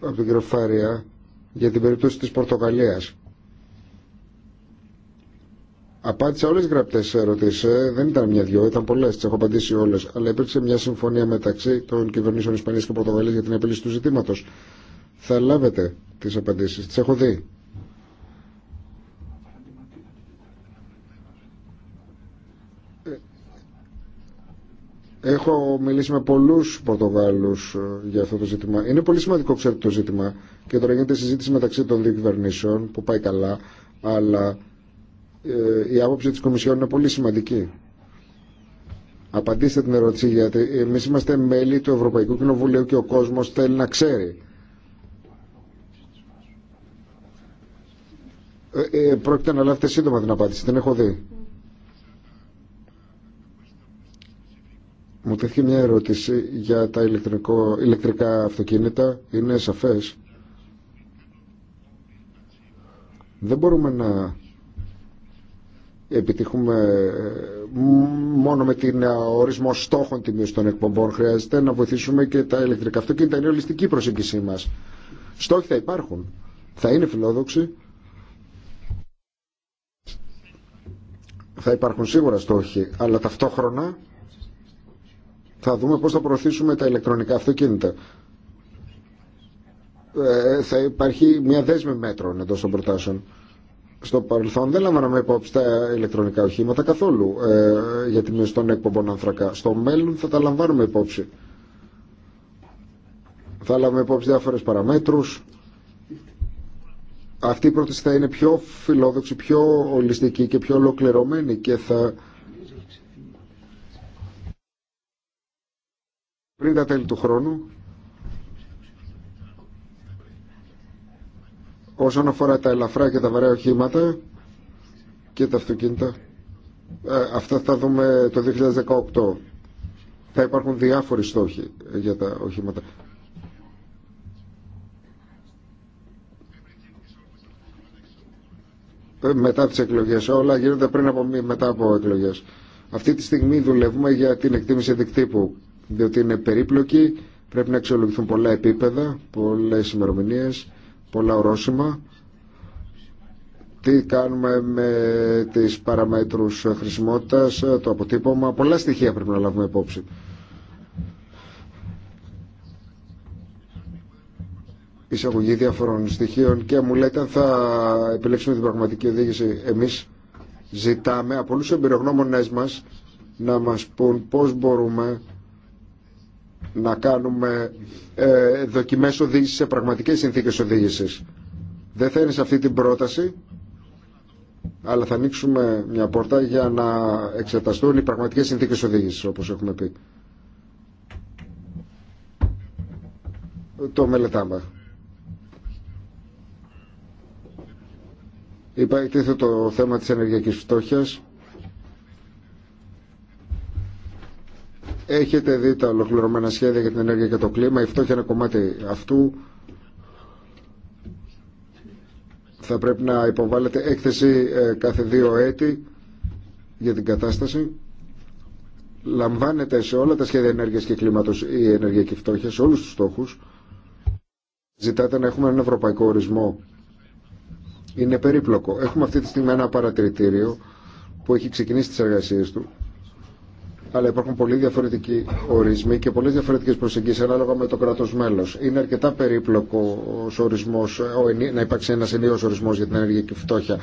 από τον κύριο Φάρια για την περίπτωση της Πορτογαλίας. Απάντησα όλες τις γραπτές ερωτήσεις, ε, δεν ήταν μια-δυο, ήταν πολλές, τις έχω απαντήσει όλες, αλλά υπήρξε μια συμφωνία μεταξύ των κυβερνήσεων Ισπανίας και Πορτογαλίας για την επίλυση του ζητήματος θα λάβετε τις απαντήσεις. Τις έχω δει. Ε, έχω μιλήσει με πολλούς Πορτογάλους ε, για αυτό το ζήτημα. Είναι πολύ σημαντικό, ξέρετε, το ζήτημα. Και τώρα γίνεται συζήτηση μεταξύ των δύο κυβερνήσεων που πάει καλά, αλλά ε, η άποψη της Κομισιόν είναι πολύ σημαντική. Απαντήστε την ερώτηση, γιατί εμεί είμαστε μέλη του Ευρωπαϊκού Κοινοβουλίου και ο κόσμο θέλει να ξέρει Ε, ε, πρόκειται να λάβετε σύντομα την απάντηση. Την έχω δει. Μου τέθηκε μια ερώτηση για τα ηλεκτρικό, ηλεκτρικά αυτοκίνητα. Είναι σαφές. Δεν μπορούμε να επιτύχουμε ε, μόνο με την ε, ορισμό στόχων τη των εκπομπών. Χρειάζεται να βοηθήσουμε και τα ηλεκτρικά αυτοκίνητα. Είναι ολιστική προσέγγιση μας. Στόχοι θα υπάρχουν. Θα είναι φιλόδοξοι Θα υπάρχουν σίγουρα στόχοι, αλλά ταυτόχρονα θα δούμε πώς θα προωθήσουμε τα ηλεκτρονικά αυτοκίνητα. Ε, θα υπάρχει μια δέσμη μέτρων εντός των προτάσεων. Στο παρελθόν δεν λαμβάναμε υπόψη τα ηλεκτρονικά οχήματα καθόλου ε, για τη μείωση των εκπομπών ανθρακά. Στο μέλλον θα τα λαμβάνουμε υπόψη. Θα λάβουμε υπόψη διάφορες παραμέτρους αυτή η πρόταση θα είναι πιο φιλόδοξη, πιο ολιστική και πιο ολοκληρωμένη και θα... Πριν τα τέλη του χρόνου, όσον αφορά τα ελαφρά και τα βαρέα οχήματα και τα αυτοκίνητα, ε, αυτά θα δούμε το 2018. Θα υπάρχουν διάφοροι στόχοι για τα οχήματα. Ε, μετά τις εκλογές. Όλα γίνονται πριν από, μετά από εκλογές. Αυτή τη στιγμή δουλεύουμε για την εκτίμηση δικτύπου, διότι είναι περίπλοκη, πρέπει να αξιολογηθούν πολλά επίπεδα, πολλές ημερομηνίε, πολλά ορόσημα. Τι κάνουμε με τις παραμέτρους χρησιμότητας, το αποτύπωμα, πολλά στοιχεία πρέπει να λάβουμε υπόψη. εισαγωγή διαφορών στοιχείων και μου λέτε αν θα επιλέξουμε την πραγματική οδήγηση. Εμείς ζητάμε από όλους τους εμπειρογνώμονές μας να μας πούν πώς μπορούμε να κάνουμε ε, δοκιμές οδήγησης σε πραγματικές συνθήκες οδήγησης. Δεν θα είναι σε αυτή την πρόταση, αλλά θα ανοίξουμε μια πόρτα για να εξεταστούν οι πραγματικές συνθήκες οδήγησης, όπως έχουμε πει. Το μελετάμε. Υπάρχει το θέμα της ενεργειακής φτώχειας. Έχετε δει τα ολοκληρωμένα σχέδια για την ενέργεια και το κλίμα. Η φτώχεια είναι κομμάτι αυτού. Θα πρέπει να υποβάλλετε έκθεση ε, κάθε δύο έτη για την κατάσταση. Λαμβάνεται σε όλα τα σχέδια ενέργειας και κλίματος η ενεργειακή φτώχεια, σε όλους τους στόχους. Ζητάτε να έχουμε έναν ευρωπαϊκό ορισμό είναι περίπλοκο. Έχουμε αυτή τη στιγμή ένα παρατηρητήριο που έχει ξεκινήσει τις εργασίες του αλλά υπάρχουν πολύ διαφορετικοί ορισμοί και πολλές διαφορετικές προσεγγίσεις ανάλογα με το κράτος μέλος. Είναι αρκετά περίπλοκο ορισμός, να υπάρξει ένας ενίος ορισμός για την ενεργειακή φτώχεια.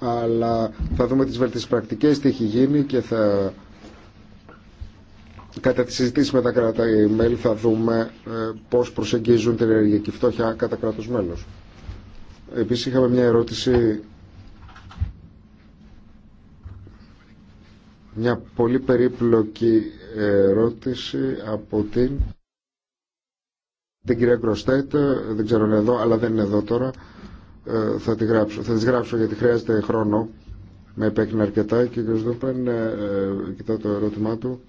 Αλλά θα δούμε τις βελτιστές πρακτικές, τι έχει γίνει και θα... Κατά τη συζήτηση με τα κράτα μέλη θα δούμε ε, πώς προσεγγίζουν την ενεργειακή φτώχεια κατά κράτος μέλος. Επίσης είχαμε μια ερώτηση, μια πολύ περίπλοκη ερώτηση από την, την κυρία δεν ξέρω αν είναι εδώ, αλλά δεν είναι εδώ τώρα. Ε, θα, τη γράψω, θα της γράψω γιατί χρειάζεται χρόνο. Με επέκρινε αρκετά και ο κ. Δούπεν ε, ε, κοιτά το ερώτημά του.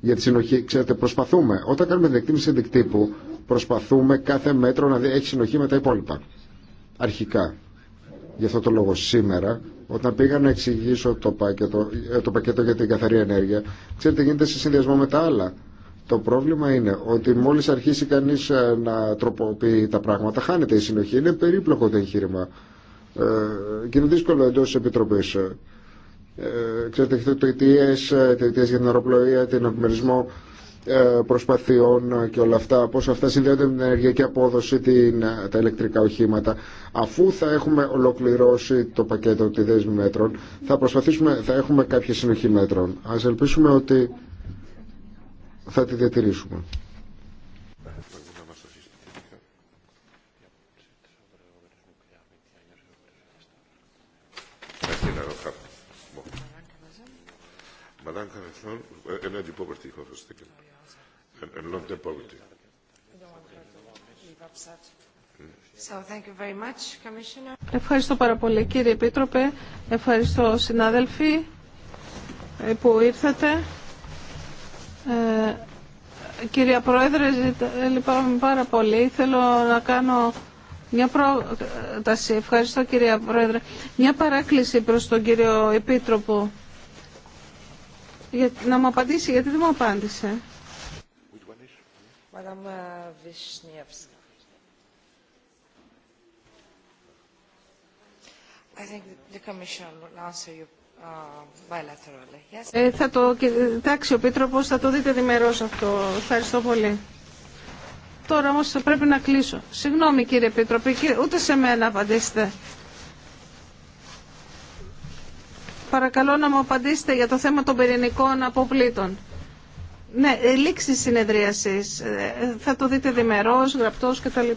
Για τη συνοχή, ξέρετε, προσπαθούμε. Όταν κάνουμε την εκτίμηση προσπαθούμε κάθε μέτρο να έχει συνοχή με τα υπόλοιπα. Αρχικά. Γι' αυτό το λόγο σήμερα, όταν πήγα να εξηγήσω το πακέτο, ε, το πακέτο για την καθαρή ενέργεια, ξέρετε γίνεται σε συνδυασμό με τα άλλα. Το πρόβλημα είναι ότι μόλις αρχίσει κανείς ε, να τροποποιεί τα πράγματα, χάνεται η συνοχή. Είναι περίπλοκο το εγχείρημα ε, και είναι δύσκολο εντό τη Επιτροπή. Ε, ξέρετε, έχετε το ETS, το ETS για την αεροπλοεία, την επιμερισμό ε, προσπαθειών και όλα αυτά, πώς αυτά συνδέονται με την ενεργειακή απόδοση, την, τα ηλεκτρικά οχήματα. Αφού θα έχουμε ολοκληρώσει το πακέτο τη δέσμη μέτρων, θα προσπαθήσουμε, θα έχουμε κάποια συνοχή μέτρων. Ας ελπίσουμε ότι θα τη διατηρήσουμε. Ευχαριστώ πάρα πολύ κύριε Επίτροπε, ευχαριστώ συνάδελφοι ε, που ήρθατε. Ε, κυρία Πρόεδρε, ε, λυπάμαι πάρα πολύ. Θέλω να κάνω μια πρόταση. Ευχαριστώ κυρία Πρόεδρε. Μια παράκληση προς τον κύριο Επίτροπο για, να μου απαντήσει, γιατί δεν μου απάντησε θα το κοιτάξει ο Πίτροπο, θα το δείτε διμερώς αυτό. Ευχαριστώ πολύ. Τώρα όμως θα πρέπει να κλείσω. Συγγνώμη κύριε Πίτροπη, ούτε σε μένα απαντήσετε. Παρακαλώ να μου απαντήσετε για το θέμα των πυρηνικών αποπλήτων. Ναι, ε, λήξη συνεδρίαση. Ε, θα το δείτε διμερό, γραπτό κτλ.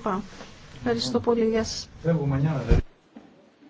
Ευχαριστώ πολύ. Γεια σα.